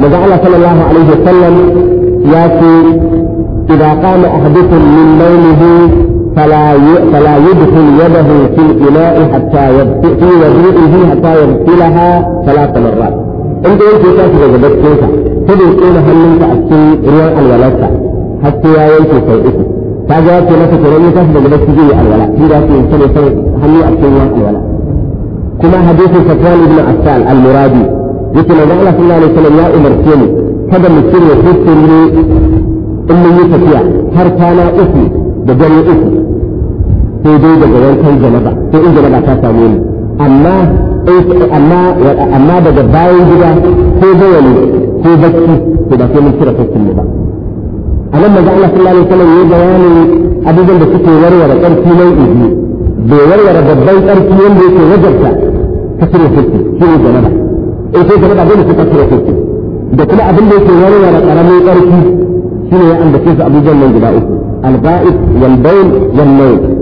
maza Allah sallallahu alaihi wa sallam ya ce إذا قام أحدكم من نومه فلا فلا يدخل يده في الإناء حتى يبتل في وضوئه حتى يغسلها ثلاث مرات. أنت أنت تأخذ جبتك تدري كل هل أنت رياء الولادة حتى يأتي سيئتك. فجاء في نفس الكلام تأخذ جبتك جي الولاء في ذات إنسان هل أنت رياء الولاء. كما حديث سفيان بن عفان المرادي يقول الله صلى الله عليه وسلم يا أمر كيني kada mutum ya fito ne in mun yi tafiya har kwana uku da dare uku sai dai daga wankan janaba sai in janaba ta same ni amma amma daga bayan gida ko bayani ko bacci to ba sai mun kira fasin ba a nan maza Allah sallallahu alaihi wasallam ya bayani abubuwan da suke warware ƙarfi nau'i biyu bai warware babban ƙarfi wanda yake wajarta kasirin fasin shi ne janaba in eh, sai janaba dole sai kasirin fasin da kuma abin da yake warware ƙaramin ƙarfi shi ne ya kai su abubuwan nan guda uku الغائط والبول والنوم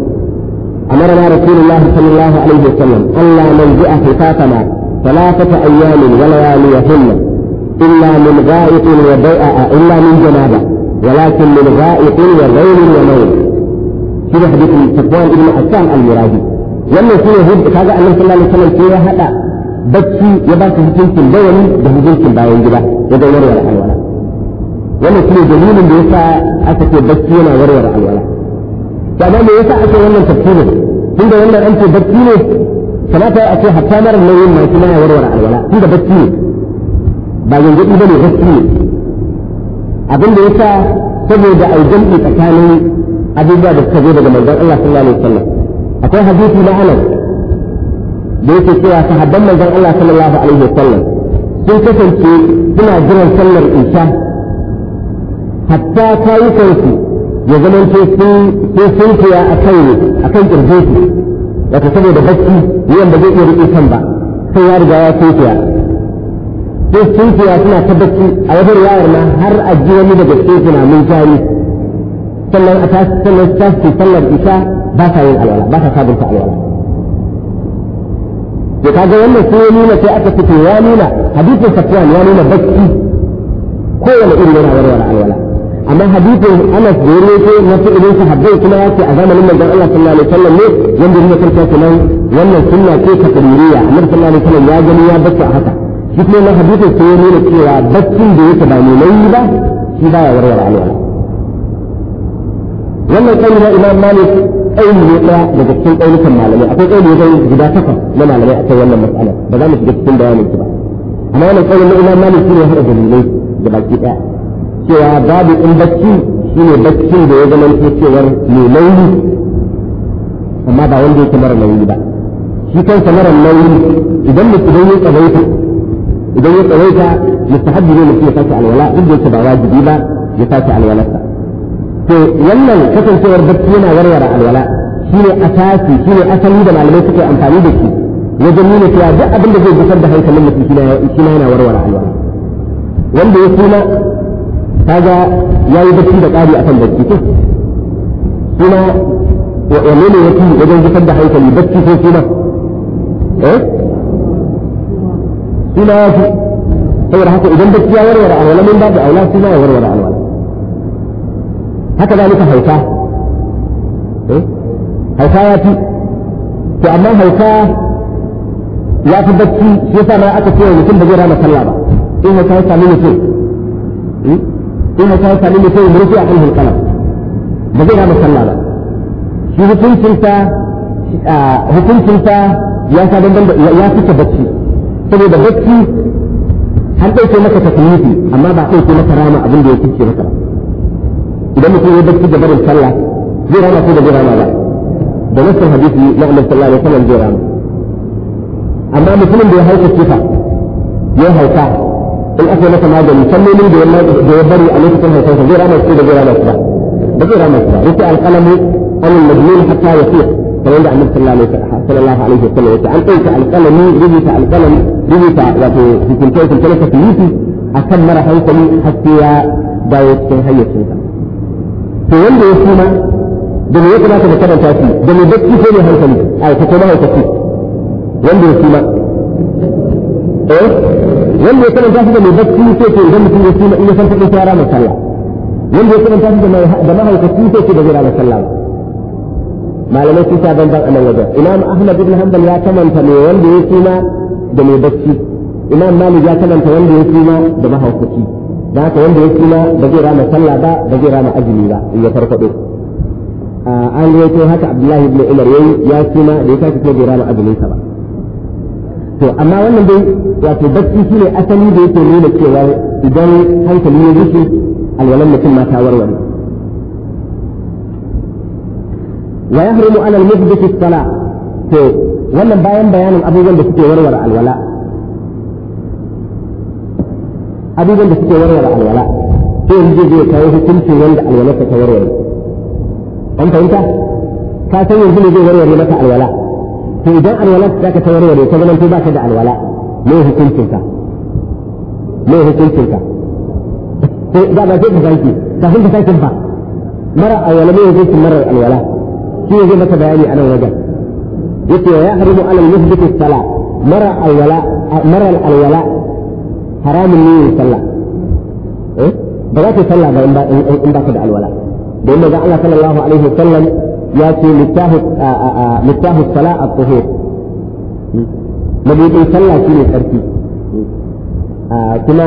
أمرنا رسول الله صلى الله عليه وسلم ألا نلجأ خفافنا ثلاثة أيام ولياليهن إلا من غائط وبيئة إلا من جنابة ولكن من غائط وغير ونوم في حديث صفوان بن حسان المرادي wannan shi ne hujja أن صلى الله عليه وسلم sai ya hada يبقى ya baka hukuncin bayani da يبقى bayan gida wajen wannan shine dalilin da yasa aka ce bacci yana warware alwala to amma me yasa ake wannan tafsirin tunda wannan an ce bacci ne kamata a ce hatta marar nauyin ma kuma yana warware alwala tunda bacci ne ba yanzu ba ne bacci ne abin da yasa saboda ai jam'i tsakanin abubuwa da suka zo daga manzon Allah sallallahu alaihi wasallam akwai hadisi na Anas da yake cewa sahabban manzon Allah sallallahu alaihi wasallam sun kasance suna jiran sallar isha hatta kayukansu ya zama zamanto sun fiya a kan a kan kirjinsu wata saboda bacci yawan zai iya riƙe kan ba sai ya riga ya sunkiya sai fiya suna ta bacci a wajen riwayar ma har a ji wani daga cikin suna mun jari sannan a tashi sannan tashi sallar isha ba sa yin alwala ba sa sabunta alwala ya kaga wannan sai ya nuna sai aka fito ya nuna hadisin safwan ya nuna bacci kowane irin yana warware alwala حديث أنس في نفسي إليك حبيه كما يأتي أدام لما جاء الله صلى الله عليه وسلم ليه ينبي هنا كل كاتنا وانا سنة كيسة تدميرية عمر صلى الله عليه وسلم يا جميع بس أحطا كتنا ما حديث سيرين كيرا بس بيك باني ليبا سيبا يا وريا العليا وانا كان إلى إمام مالك أي من يقرأ بجبتين أي لسم مالك أقول أي من يقرأ جدا سفر لما لا يأتي وانا مسألة بدا مش جبتين بياني كبا أنا أنا أقول إمام مالك سيرين هرجل ليه جبال كتاب cewa babu in bacci shi ne baccin da ya zama cewar mai nauyi amma ba wanda yake mara nauyi ba shi kansa mara nauyi idan mutum ya tsawaita idan ya tsawaita mustahabbi ne mutum ya sake alwala duk inda yake ba wajibi ba ya sake alwalarsa to wannan kasancewar bacci yana warware alwala shine asasi shine asali da malamai suke amfani da shi wajen nuna cewa duk abin da zai gusar da hankalin mutum shi yana warware alwala wanda ya suna kaga yi bacci da ƙari akan bacci ko suna wanne ne yake wajen fitar da hankali bacci ko suna eh suna ya fi saboda haka idan bacci ya warware alwala mun babu aula suna ya warware alwala haka za zalika hauka eh hauka ya fi to amma hauka ya fi bacci shi yasa ma aka ce mutum ba zai rana sallah ba in hauka ya sami mutum hmm? ina ta sami ne sai murfi a kan kalam ba zai rama sallah ba shi hukuncinsa hukuncinsa ya sa dandan da ya fita bacci saboda bacci an ɗauke maka takalifi amma ba ɗauke maka rama abin da ya fice maka idan mutum ya bacci da barin sallah zai rama ko da zai rama ba da nassar hadisi na Allah sallallahu alaihi wasallam zai rama amma mutumin da ya hauka sifa ya hauka in aka masa magani kallolin da ya bari a lokacin haifarsa zai rama su da zai rama su ba ba zai rama su ba rufe alƙalamu an majnun hatta ya fiya kamar yadda annabi sallallahu alaihi wa sallam ya ce an ɗauke alƙalami rubuta alƙalami rubuta wato hukuntai hukuntai ta fiyuti a kan mara hankali har sai ya dawo cikin hayyacinsa to wanda ya suna da me ya kamata da karanta shi da me bacci ko ne hankali a ta kuma hankali wanda ya suna eh wanda ya sanar tafi da mai bacci sai ce idan mutum ya tuna iya ya san kudin sai ranar sallah wanda ya sanar tafi da mai da mahaukaci sai ce da zira mai sallah malamai sun sa banban a nan wajen imam ahmad ibn hanbal ya kamanta mai wanda ya suna da mai bacci imam malik ya kamanta wanda ya suna da mahaukaci da haka wanda ya suna da zai mai sallah ba da zai mai ajini ba in ya farfaɗo an yi haka abdullahi ibn umar ya suna da ya sake sai zira mai ajini ba to amma wannan dai wato bacci shine asali da yake nuna cewa idan hankali ya rushe alwalan mutum ma ta warware wa yahrumu ala al-muhdith as-salah to wannan bayan bayanin abubuwan da suke warware alwala abubuwan da suke warware alwala to yanzu zai kawo hukuncin wanda alwala ta warware an fahimta ka san yanzu ne zai warware maka alwala في داء الولاء ذاك توروني كذا انت ذاك داء الولاء ليه تلك ليه تلك ده ما جيت غلطي فهمت فاكر تنفع مرة أولا ليه جيت مرة الولاء شيء زي ما تبعيني أنا وجه يقول ويحرم على المثبت الصلاة مرة الولاء مرة الولاء حرام لي يصلى إيه؟ بغيت يصلى إن باخد الولاء لأن جعل صلى الله عليه وسلم ya ce littafi sala a tsoho mabuɗin sallah shi ne tsarki kuma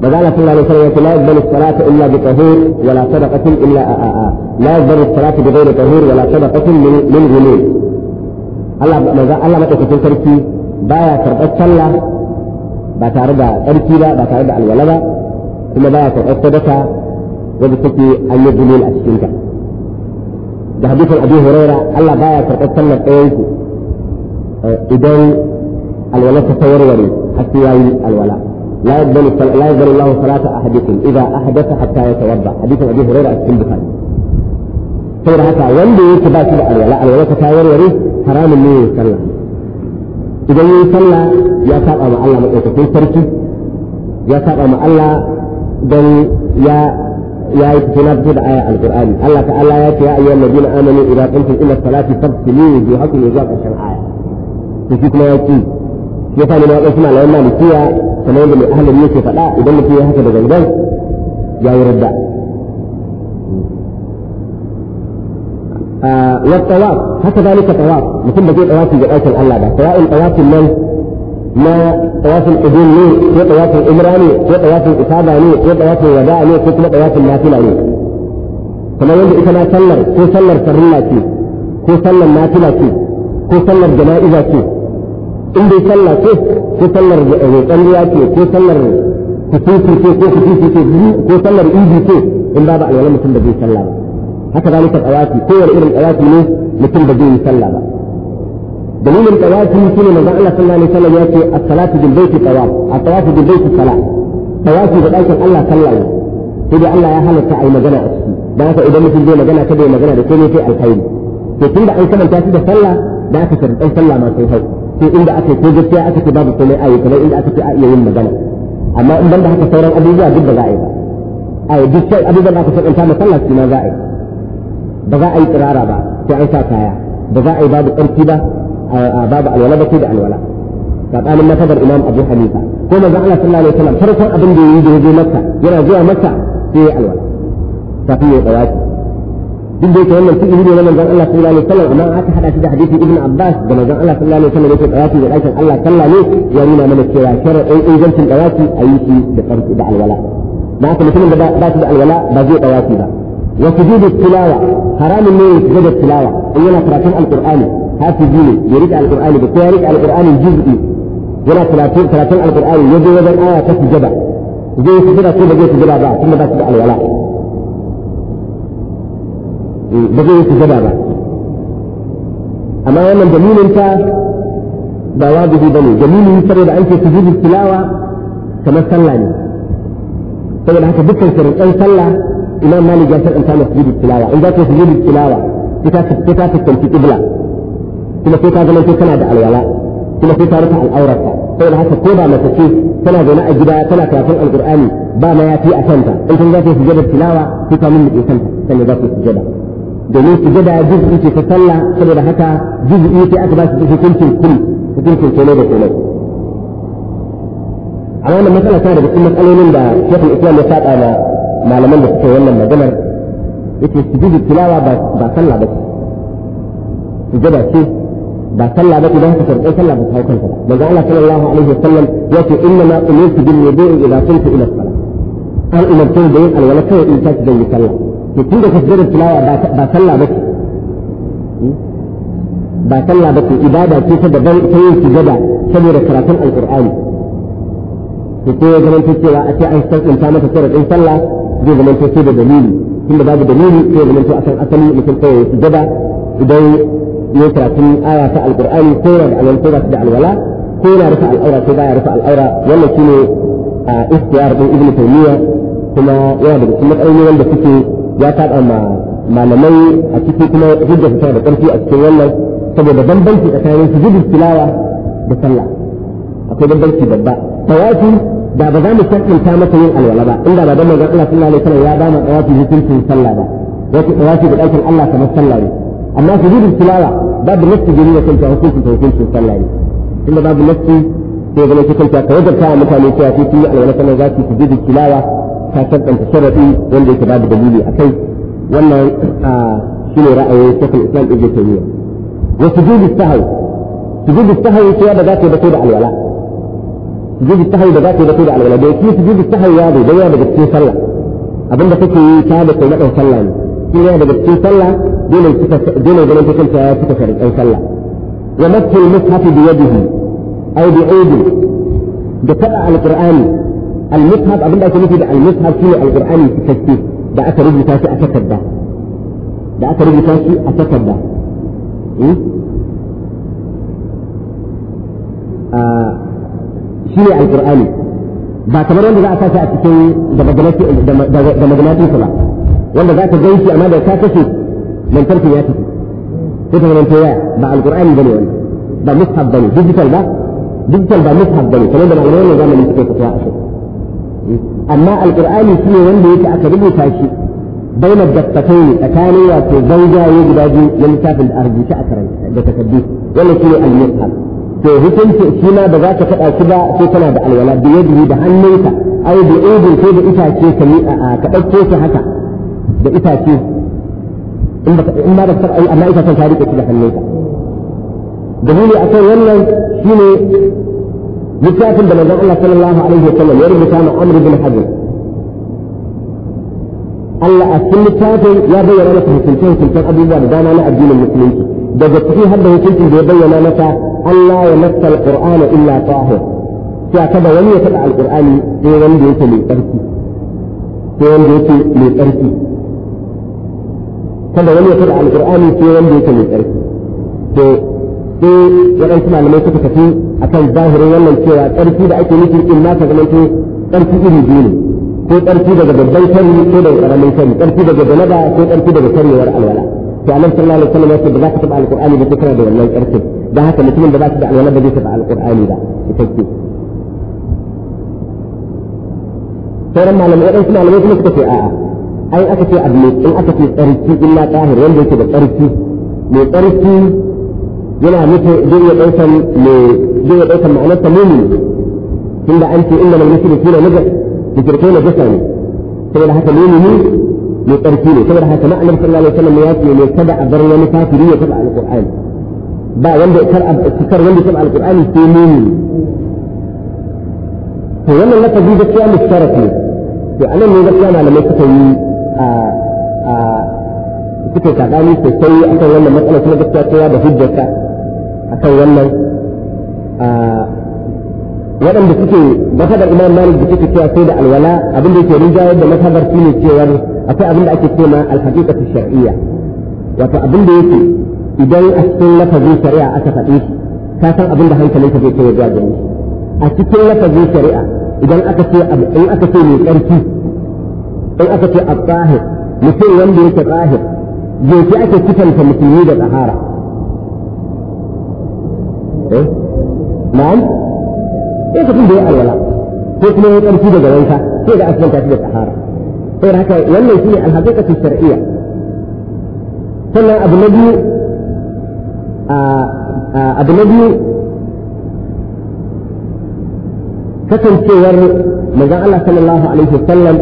ba za a sallah ne sallah ya la yabbalu salata illa bi tahur wala sadaqatin illa la yabbalu salata bi ghairi tahur wala sadaqatin min ghulul Allah manzo Allah madaukakin sarki baya karɓar sallah ba tare da tsarki ba ba tare da alwala ba kuma baya karɓar sadaka wanda take an yi ghulul a cikin ta da hadisin abi huraira Allah baya karɓar sallar ɗayan ku eh, idan alwala ta warware har sai yayi alwala la yaqbalu la yaqbalu Allah salata ahadikum idza ahadatha hatta yatawadda hadisin abi huraira cikin bukhari saboda haka wanda yake ba shi da alwala alwala ta warware haramun ne ya sallah idan yi sallah ya saba ma Allah madaukakin sarki ya saba ma Allah don ya يا تنفذ آية القرآن الله تعالى يا أيها الذين آمنوا إذا قمتم إلى الصلاة فاغسلوا وجوهكم إلى آخر الآية ما يا شيخ يفعل ما اسمع لو ما لكيا كما يقول أهل اليوسف لا إذا لكيا هكذا جنبان يا يرد آه، والطواف هكذلك طواف مثل ما جاء طواف في جرائة الله سواء طواف من na tawafin ƙudin ne ko tawafin umra ne ko tawafin isaba ne ko tawafin wada ne ko kuma tawafin ne kamar yadda ita na sallar ko sallar farilla ce ko sallar nafila ce ko sallar jana'iza ce in dai sallah ce ko sallar roƙon ruwa ce ko sallar kusurci ce ko kusurci ce ko sallar ibi ce in babu mutum da zai sallah ba haka zalika tsawafi kowane irin tsawafi ne mutum da zai yi sallah ba دليل الطواف في مسلم ما قال صلى الله عليه وسلم ياتي الصلاة بالبيت طواف الطواف بالبيت صلاة طواف بالبيت الله صلى الله عليه وسلم الله يا هل تعي مجنى أسفل دعك إذا مثل دي مجنى كده مجنى بكيني في الحين يتم بأي سمن تأسيد صلى دعك سرطان صلى ما في هاي في إن دعك تجد في أكت باب الطلاء أي طلاء إن دعك تأي يوم مجنى أما إن دعك تصير أبي جاء جد غائبا أي جد شيء أبي جاء تصير إنسان صلى سنة غائب بغائي ترارا با في عيسى كايا بغائي باب الارتباه باب الولد كيد عن ولد قال أنا ما تذر إمام أبو حنيفة كما زعل صلى الله عليه وسلم فرصا أبن دي يجي هجي مكة يرى جوا مكة في الولد ففي قواتي بل دي كمان في إهدي ومن زعل الله صلى الله عليه وسلم وما عاك حد أشد حديث ابن عباس بما زعل الله صلى الله عليه وسلم ليس قواتي ورأيش أن الله صلى الله عليه يرينا من السيرا شر أي أي جنس القواتي أي شيء بقرص إبع الولد ما أصل من بقرص إبع الولد بزيء قواتي وسجود التلاوة حرام من يسجد التلاوة أينا قراتين القرآن يريد على القرآن بكي على القرآن الجزئي ثلاثين ثلاثين على القرآن يجي وزن آية جبع زي يسجد كل بجي سجدة بقى ثم بقى سجدة الولاء بجي سجدة بقى أما أنا جميل أنت بوابه بني جميل يسرد أنت تجيب التلاوة كما سلاني saboda haka dukkan shari'an sallah imam malik ya san an samu sujud tilawa in za كتاب كتاب tilawa كنا طيب، في كذا من كنا على يلا كنا في كذا على أوراق طول هذا كوبا ما تشي كنا بناء جدا كنا في أصل القرآن بما يأتي أسنتا أنت جات في جبل تلاوة في كمين من أسنتا كنا جات في جبل دنيا في جبل جزء في تسلا كنا بحثا جزء في أكبر في كل شيء كل في كل شيء كله كله على أن المسألة كانت بس المسألة من ده شيخ الإسلام يسات على ما لم يدرس شيء ولا ما جمر إيش في جبل تلاوة بس بس بس في جبل شيء ba sallah ba idan ka karɓi sallah ba kawo kanka ba daga Allah sallallahu alaihi wasallam ya ce inna ma umirtu bil wudu'i idza kuntu ila salat an umartu da yin alwala kai in ta da sallah to tunda tasbirin tilawa ba sallah ba hmm? ba sallah ba ce ibada ce ta daban ta yin sujada saboda karatun alqur'ani to ko ya zamanto cewa a ce an ta mata sharaɗin sallah zai zamanto sai da dalili tunda babu dalili sai ya zamanto akan asali mutum kawai ya sujada idan ya karatun aya ta alqur'ani ko da alwala da alwala ko na rufe al'aura ko baya rufe al'aura wannan shine a istiyar din ibnu taymiya kuma yana daga cikin wanda suke ya taɓa ma malamai a ciki kuma hujja su da ƙarfi a cikin wannan saboda bambanci tsakanin su jibin tilawa da sallah akwai babba tawafi da ba za mu ta masa yin alwala ba inda ba dan manzon Allah sallallahu alaihi wasallam ya ba mu tawafi hukuncin sallah ba wato tawafi da Allah kamar sallah ne أما في ذي الابتلاء باب النفس جميلة تلك أصول في توكيل في الصلاة ثم باب النفس في ذلك تلك توجد كان مثلا في أساسي على ولا كان ذات في ذي الابتلاء كاتب أن تشرع في ذي كباب دليل أكيد ولا شنو رأي شيخ الإسلام ابن تيمية وسجود السهو سجود السهو في هذا ذاته بتوضع الولاء سجود السهو بذاته بتوضع الولاء بيكي سجود السهو هذا بيكي سجود السهو هذا بيكي سجود السهو هذا بيكي سجود السهو هذا بيكي سجود السهو هذا بيكي سجود السهو هذا بيكي سجود السهو هذا yana daga cikin sallah dole ganin ta kanta ya suka karɓi ɗan sallah. Wa mafi mushafi da yadda ai da aidi da faɗa alƙur'ani almushaf abinda ake nufi da almushaf shi ne alƙur'ani da aka rubuta shi a takarda. Da aka rubuta shi a takarda. Shi ne alƙur'ani. Ba kamar wanda za a sa shi a cikin da magana da magana ba. wanda za ka gan shi amma da ka kashe lantarki ya tafi sai ka manta ya ba alqur'ani bane wannan ba mushaf bane digital ba digital ba mushaf bane kamar da malamai wannan zamani suke fitowa a shi amma alqur'ani shi ne wanda yake aka rubuta shi baina daftatai tsakanin wato zaujaye guda biyu na littafin da a rubuce a karanta da takaddu wannan shi ne al-mushaf to hukunci shi ma ba za ka faɗa shi ba sai kana da alwala da yadda da hannunka ai da idin ko da itace ka ni a ka ɗauko shi haka da itace in ba da san ai amma itacen ta rike shi da hannunka dalili akan wannan shine littafin da manzon Allah sallallahu alaihi wa sallam ya rubuta ma Amr ibn Hazm Allah a cikin littafin ya bayyana masa hukuncin hukuncin abubuwa da dama na addinin musulunci daga cikin har da hukuncin da ya bayyana masa Allah ya nasta al-Qur'ana illa tahir sai kada wani ya taɓa al-Qur'ani sai wanda yake mai tsarki sai wanda yake mai tsarki kada wani ya kada alqur'ani sai wanda yake mai tsarki to sai waɗansu malamai suka tafi akan zahirin wannan cewa tsarki da ake nufi in ma ka zamanto tsarki iri biyu ne ko tsarki daga babban sani ko daga ƙaramin sani tsarki daga dalaba ko tsarki daga karyewar alwala to annabi sallallahu alaihi wasallam ya ce ba za ka taɓa alqur'ani ba sai da wannan tsarki da haka mutumin da ba su da alwala ba zai taɓa alqur'ani ba ita ce sauran malamai waɗansu malamai kuma suka ce a'a ai aka ce abu in aka ce tsarki illa tahir wanda yake da tsarki mai tsarki yana nufin zai iya ɗaukan mai zai iya ɗaukan ma'anar tamimi tunda an ce inda mai musulmi na najar musulmi na jasa ne saboda haka mumini mai tsarki ne saboda haka ma'anar sallallahu alaihi wasallam ya ce ne kada a bar wani kafiri ya taɓa alƙur'ani ba wanda kar a kar wanda taɓa alƙur'ani sai mumini to wannan lafazi gaskiya mushtarak ne to anan ne gaskiya malamai suka yi suke saɓani sosai kan wannan matsala kuma gaskiya kowa da a kan wannan waɗanda suke mafadar imam malik da suke cewa sai da alwala abin da yake rijayar da mafadar su ne cewa akwai abin da ake ce ma alhaƙiƙa ta shari'a. wato abin da yake idan a cikin lafazin shari'a aka faɗi shi ka san abin da hankalinka zai ce ya gagare a cikin lafazin shari'a idan aka ce in aka ce mai ƙarfi in aka ce at-tahir mutum wanda yake tahir gobe ake kitanta musulmi da tsahara eh na'am sai da tunde alwala ko kuma ya karfi daga wanka sai da asibanta shi da tsahara sai haka wannan shine al-haqiqatu shar'iyya sannan abu na biyu abu na biyu kasancewar manzon Allah sallallahu alaihi wasallam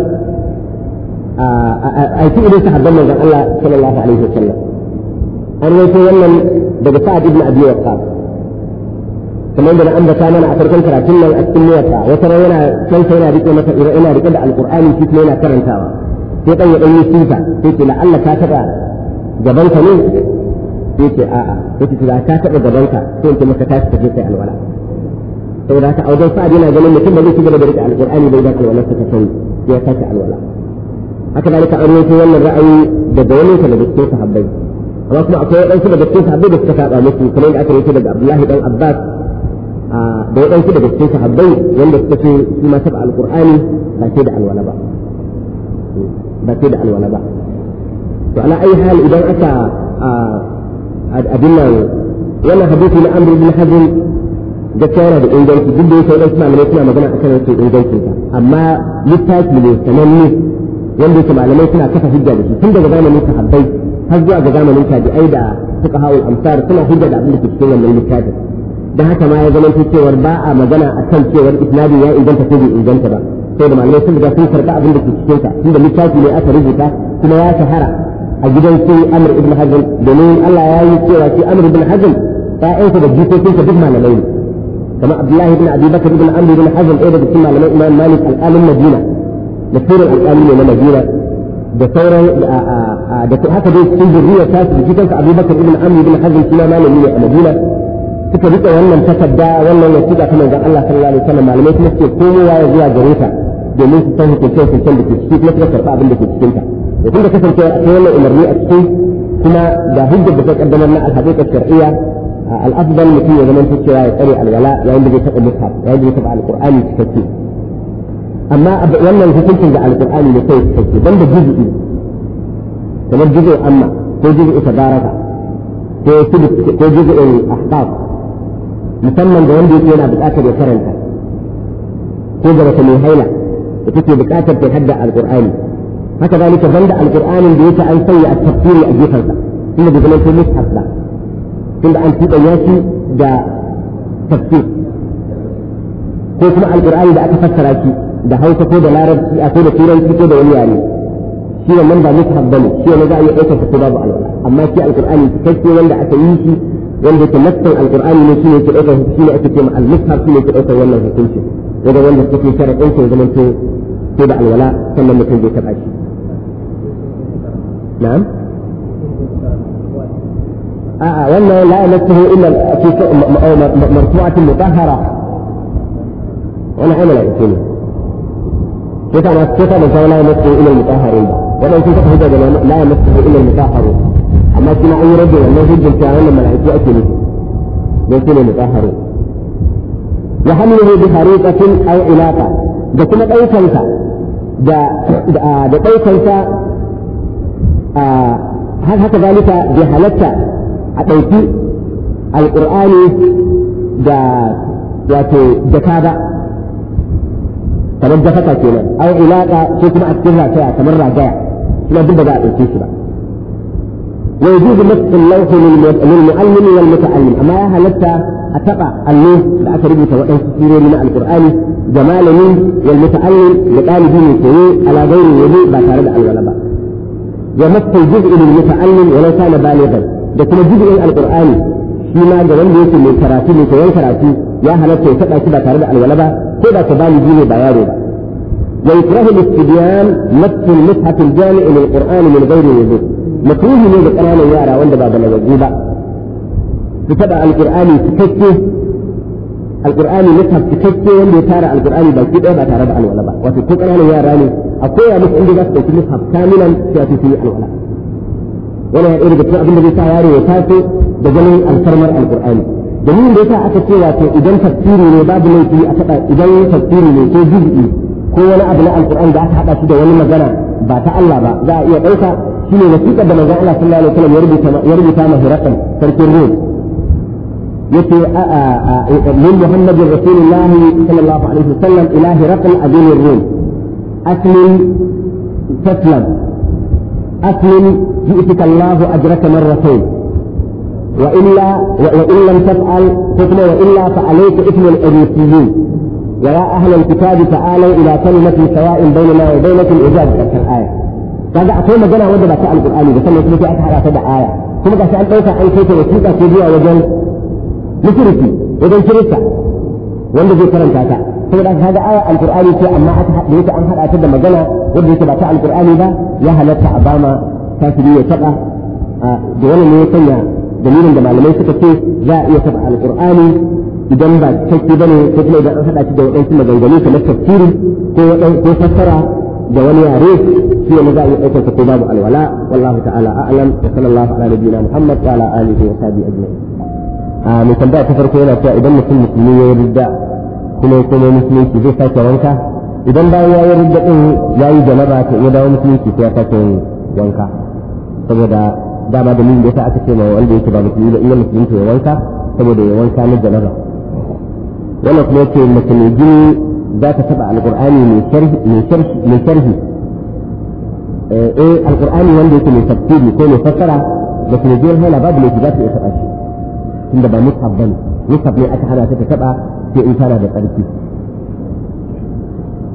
ai fi idan sahabban manzon Allah sallallahu alaihi wa wasallam an rawaito wannan daga Sa'ad ibn Abi Waqqas kamar da an bata mana a farkon karatun nan a cikin niyarsa wata ran yana kan sai yana rike masa yana rike da alqur'ani shi kuma yana karantawa sai dan ya dan yi sifa sai ce Allah ka taba gaban ka ne sai ce a'a sai ce ka taba gaban ka sai ce maka tashi kaje kai alwala saboda haka a Sa'ad yana ganin mutum ba zai ci gaba da rike alqur'ani bai da alwala ta kai ya tashi alwala haka dalika an yanke wannan ra'ayi daga wani sa daga cikin sahabbai amma kuma akwai waɗansu daga cikin sahabbai da suka saba musu kamar da aka yanke daga Abdullahi dan Abbas da waɗansu daga cikin sahabbai wanda suka ce su ma saba alqur'ani ba sai da alwala ba ba sai da alwala ba to ala ayi hal idan aka abin nan wannan hadisi na Amr ibn Hazm gaskiya yana da inganci duk da yake waɗansu malamai suna magana akan yake ingancinsa amma littafi ne sananne wanda yake malamai suna kafa hujja da shi tun daga zamanin sahabbai har zuwa ga zamanin tabi'ai da suka hawo amsar suna hujja da abin da ke cikin wannan littafin da haka ma ya zama cewa ba a magana a akan cewar isnadi ya inganta ko bai inganta ba sai da malamai sun riga sun karɓi abin da ke cikin sa da littafi ne aka rubuta kuma ya shahara a gidan su Amr ibn Hazm domin Allah ya yi cewa sai Amr ibn Hazm ƴaƴansa da jikokinsa duk malamai ne kamar Abdullahi ibn Abi Bakr ibn Amr ibn Hazm ɗaya daga cikin malamai Imam Malik alƙalin Madina da turin alƙali ne na madina da sauran da haka dai cikin zurriya ta su jikin sa abubakar ibn amr ibn hazm kuma malami ne a madina suka rike wannan takarda wannan wasiƙa ta manzon Allah sallallahu alaihi wasallam malamai kuma suke komowa ya zuwa gare ta domin su san hukuncin hukuncin da ke ciki kuma suka karɓi abin da ke cikin ta da tun da kasance a cikin wannan umarni a cikin kuma da hujjar da ta kaddamar na al-haqiqa shar'iyya al-afdal mutum ya zama cewa ya tsare alwala yayin da zai taɓa mushaf yayin da zai taɓa al-qur'ani cikakke أما ولا يفكرش على القرآن اللي كيف تحكي بل ده جزء إيه فلا جزء أما تجزء سجارة تجزء أحباب مثلا جوان دي تينا بتأكد يا كرنتا تجرة ميهيلة وتكي بتأكد تحدى على القرآن هكذا لك بند القرآن اللي يتعى أن سيء التفكير يأجي خلطة إلا بيقول أنت مش حفظة إلا أن تبقى ياسي جا تفكير كيف مع القرآن بأتفكر أكيد da hausa ko da larabci a ko da turanci ko da wani yare shi wannan ba mushaf bane shi ne za a yi aikata ko babu alwala amma shi alqur'ani cikakke wanda aka yi shi wanda ke nassan alqur'ani ne shi ne ke daukar shi ne ake cewa al-mushaf shi ne ke daukar wannan hukunci wanda wanda take sharadin ko zaman to ko da alwala sannan mutum zai taba shi na'am a'a wannan la yamassuhu illa fi marfu'atin mutahhara wannan ana la yasulu yasa na sai ta manzo la yamassu ila al ba wannan sun kafa hujja da la yamassu ila mutahharin amma kuma an yi rage wannan hujjar ta wannan mala'iku ake nufi don su ne mutahharin wa hamiluhu bi hariqatin aw ilaqa da kuma daukansa da da daukansa har haka zalika bi halatta a dauki alqur'ani da wato da ba kamar dafaka كينا أو علاقة ko kuma a cikin rataya kamar ragaya kuma duk ba za a ɗauke ويجوز مسح اللوح للمعلم والمتعلم أما هلتا أتقى اللوح بأثر وإن كثير من القرآن جمال من والمتعلم لقال دين الكوي على غير الوضوء بأثار الولباء ومسح الجزء للمتعلم ولو كان بالغا لكن جزء القرآن فيما جمال ليس من كراتي من كوي ya halatta ya taɓa shi ba tare da alwala ba ko da tabaliji ne ba yaro ba ويكره الاستبيان نفس المصحف الجامع للقرآن من غير وضوء مكروه من القرآن يارى وند باب الوجوبة بتبع القرآن تكتي القرآن مصحف تكتي وند يتارى القرآن بلكي بأبا تارى بأن ولا بأ وفي القرآن يارى أقوى مش عندي بس في مصحف كاملا تأتي فيه أن ولا ولا إرد أبن الذي سياري وفاتي بجميع الفرمر القرآني dalilin da yasa aka ce wato idan tafsiri ne babu laifi a taɓa idan tafsiri ne ko juz'i ko wani abu na alƙur'ani da aka haɗa shi da wani magana ba ta Allah ba za a iya ɗauka shi ne wasiƙar da manzon Allah sallallahu alaihi wasallam ya rubuta ya rubuta ma Hirakan sarkin Rum yace a a min Muhammadin Rasulullah sallallahu alaihi wasallam ila Hirakan adinir Rum aslin taslam aslin yu'tika Allahu ajraka marratayn وإلا وإن لم تفعل حكم وإلا فعليك إثم الإريسيين ويا أهل الكتاب تعالوا إلى كلمة سواء بيننا وبينكم إجابة الآية هذا أقول جنى وجب أتاء القرآن بسنة مثل أتحرى سبع آية ثم قال أن أوفى عن كيف وسيطة كيبيا وجل مشركي وجل شركة wanda zai karanta ta saboda kaga aya alqur'ani ce amma aka haɗe ta an haɗa ta da magana wanda yake ba ta alqur'ani ba ya halatta a bama dalilin da malamai suka ce za a iya taɓa Alkur'ani idan ba cikakke bane ko kuma idan an haɗa shi da waɗansu maganganu kamar tafsiri ko ko fassara da wani yare shi ne za a iya ɗaukar ko babu alwala wallahu ta'ala a'lam wa sallallahu ala nabiyyina muhammad wa ala alihi wa sahbihi ajma'in a mai tambaya ta farko yana cewa idan mutum musulmi ya yarda kuma ya koma musulunci zai sake wanka idan bayan ya yarda din ya yi janaba ta iya dawo musulunci sai ya sake wanka saboda dama dalilin da yasa aka ce ma wanda yake ba musulmi ba iya musulunci ya wanka saboda ya wanka na janaba wannan kuma yace mace mai jini za ta taba alqur'ani mai sharhi mai sharhi eh alqur'ani wanda yake mai tafsiri ko mai fassara da kuma jin hala babu ne za ta iya taba shi tunda ba mushaf bane mushaf ne aka hana ta ta taba sai in tana da tsarki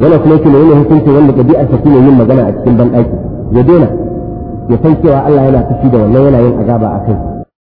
wannan kuma yake ne wannan hukunci wanda ɗabi'ar ta shine yin magana a cikin banɗaki ya daina ya san cewa Allah yana fushi da wannan yana yin azaba a kai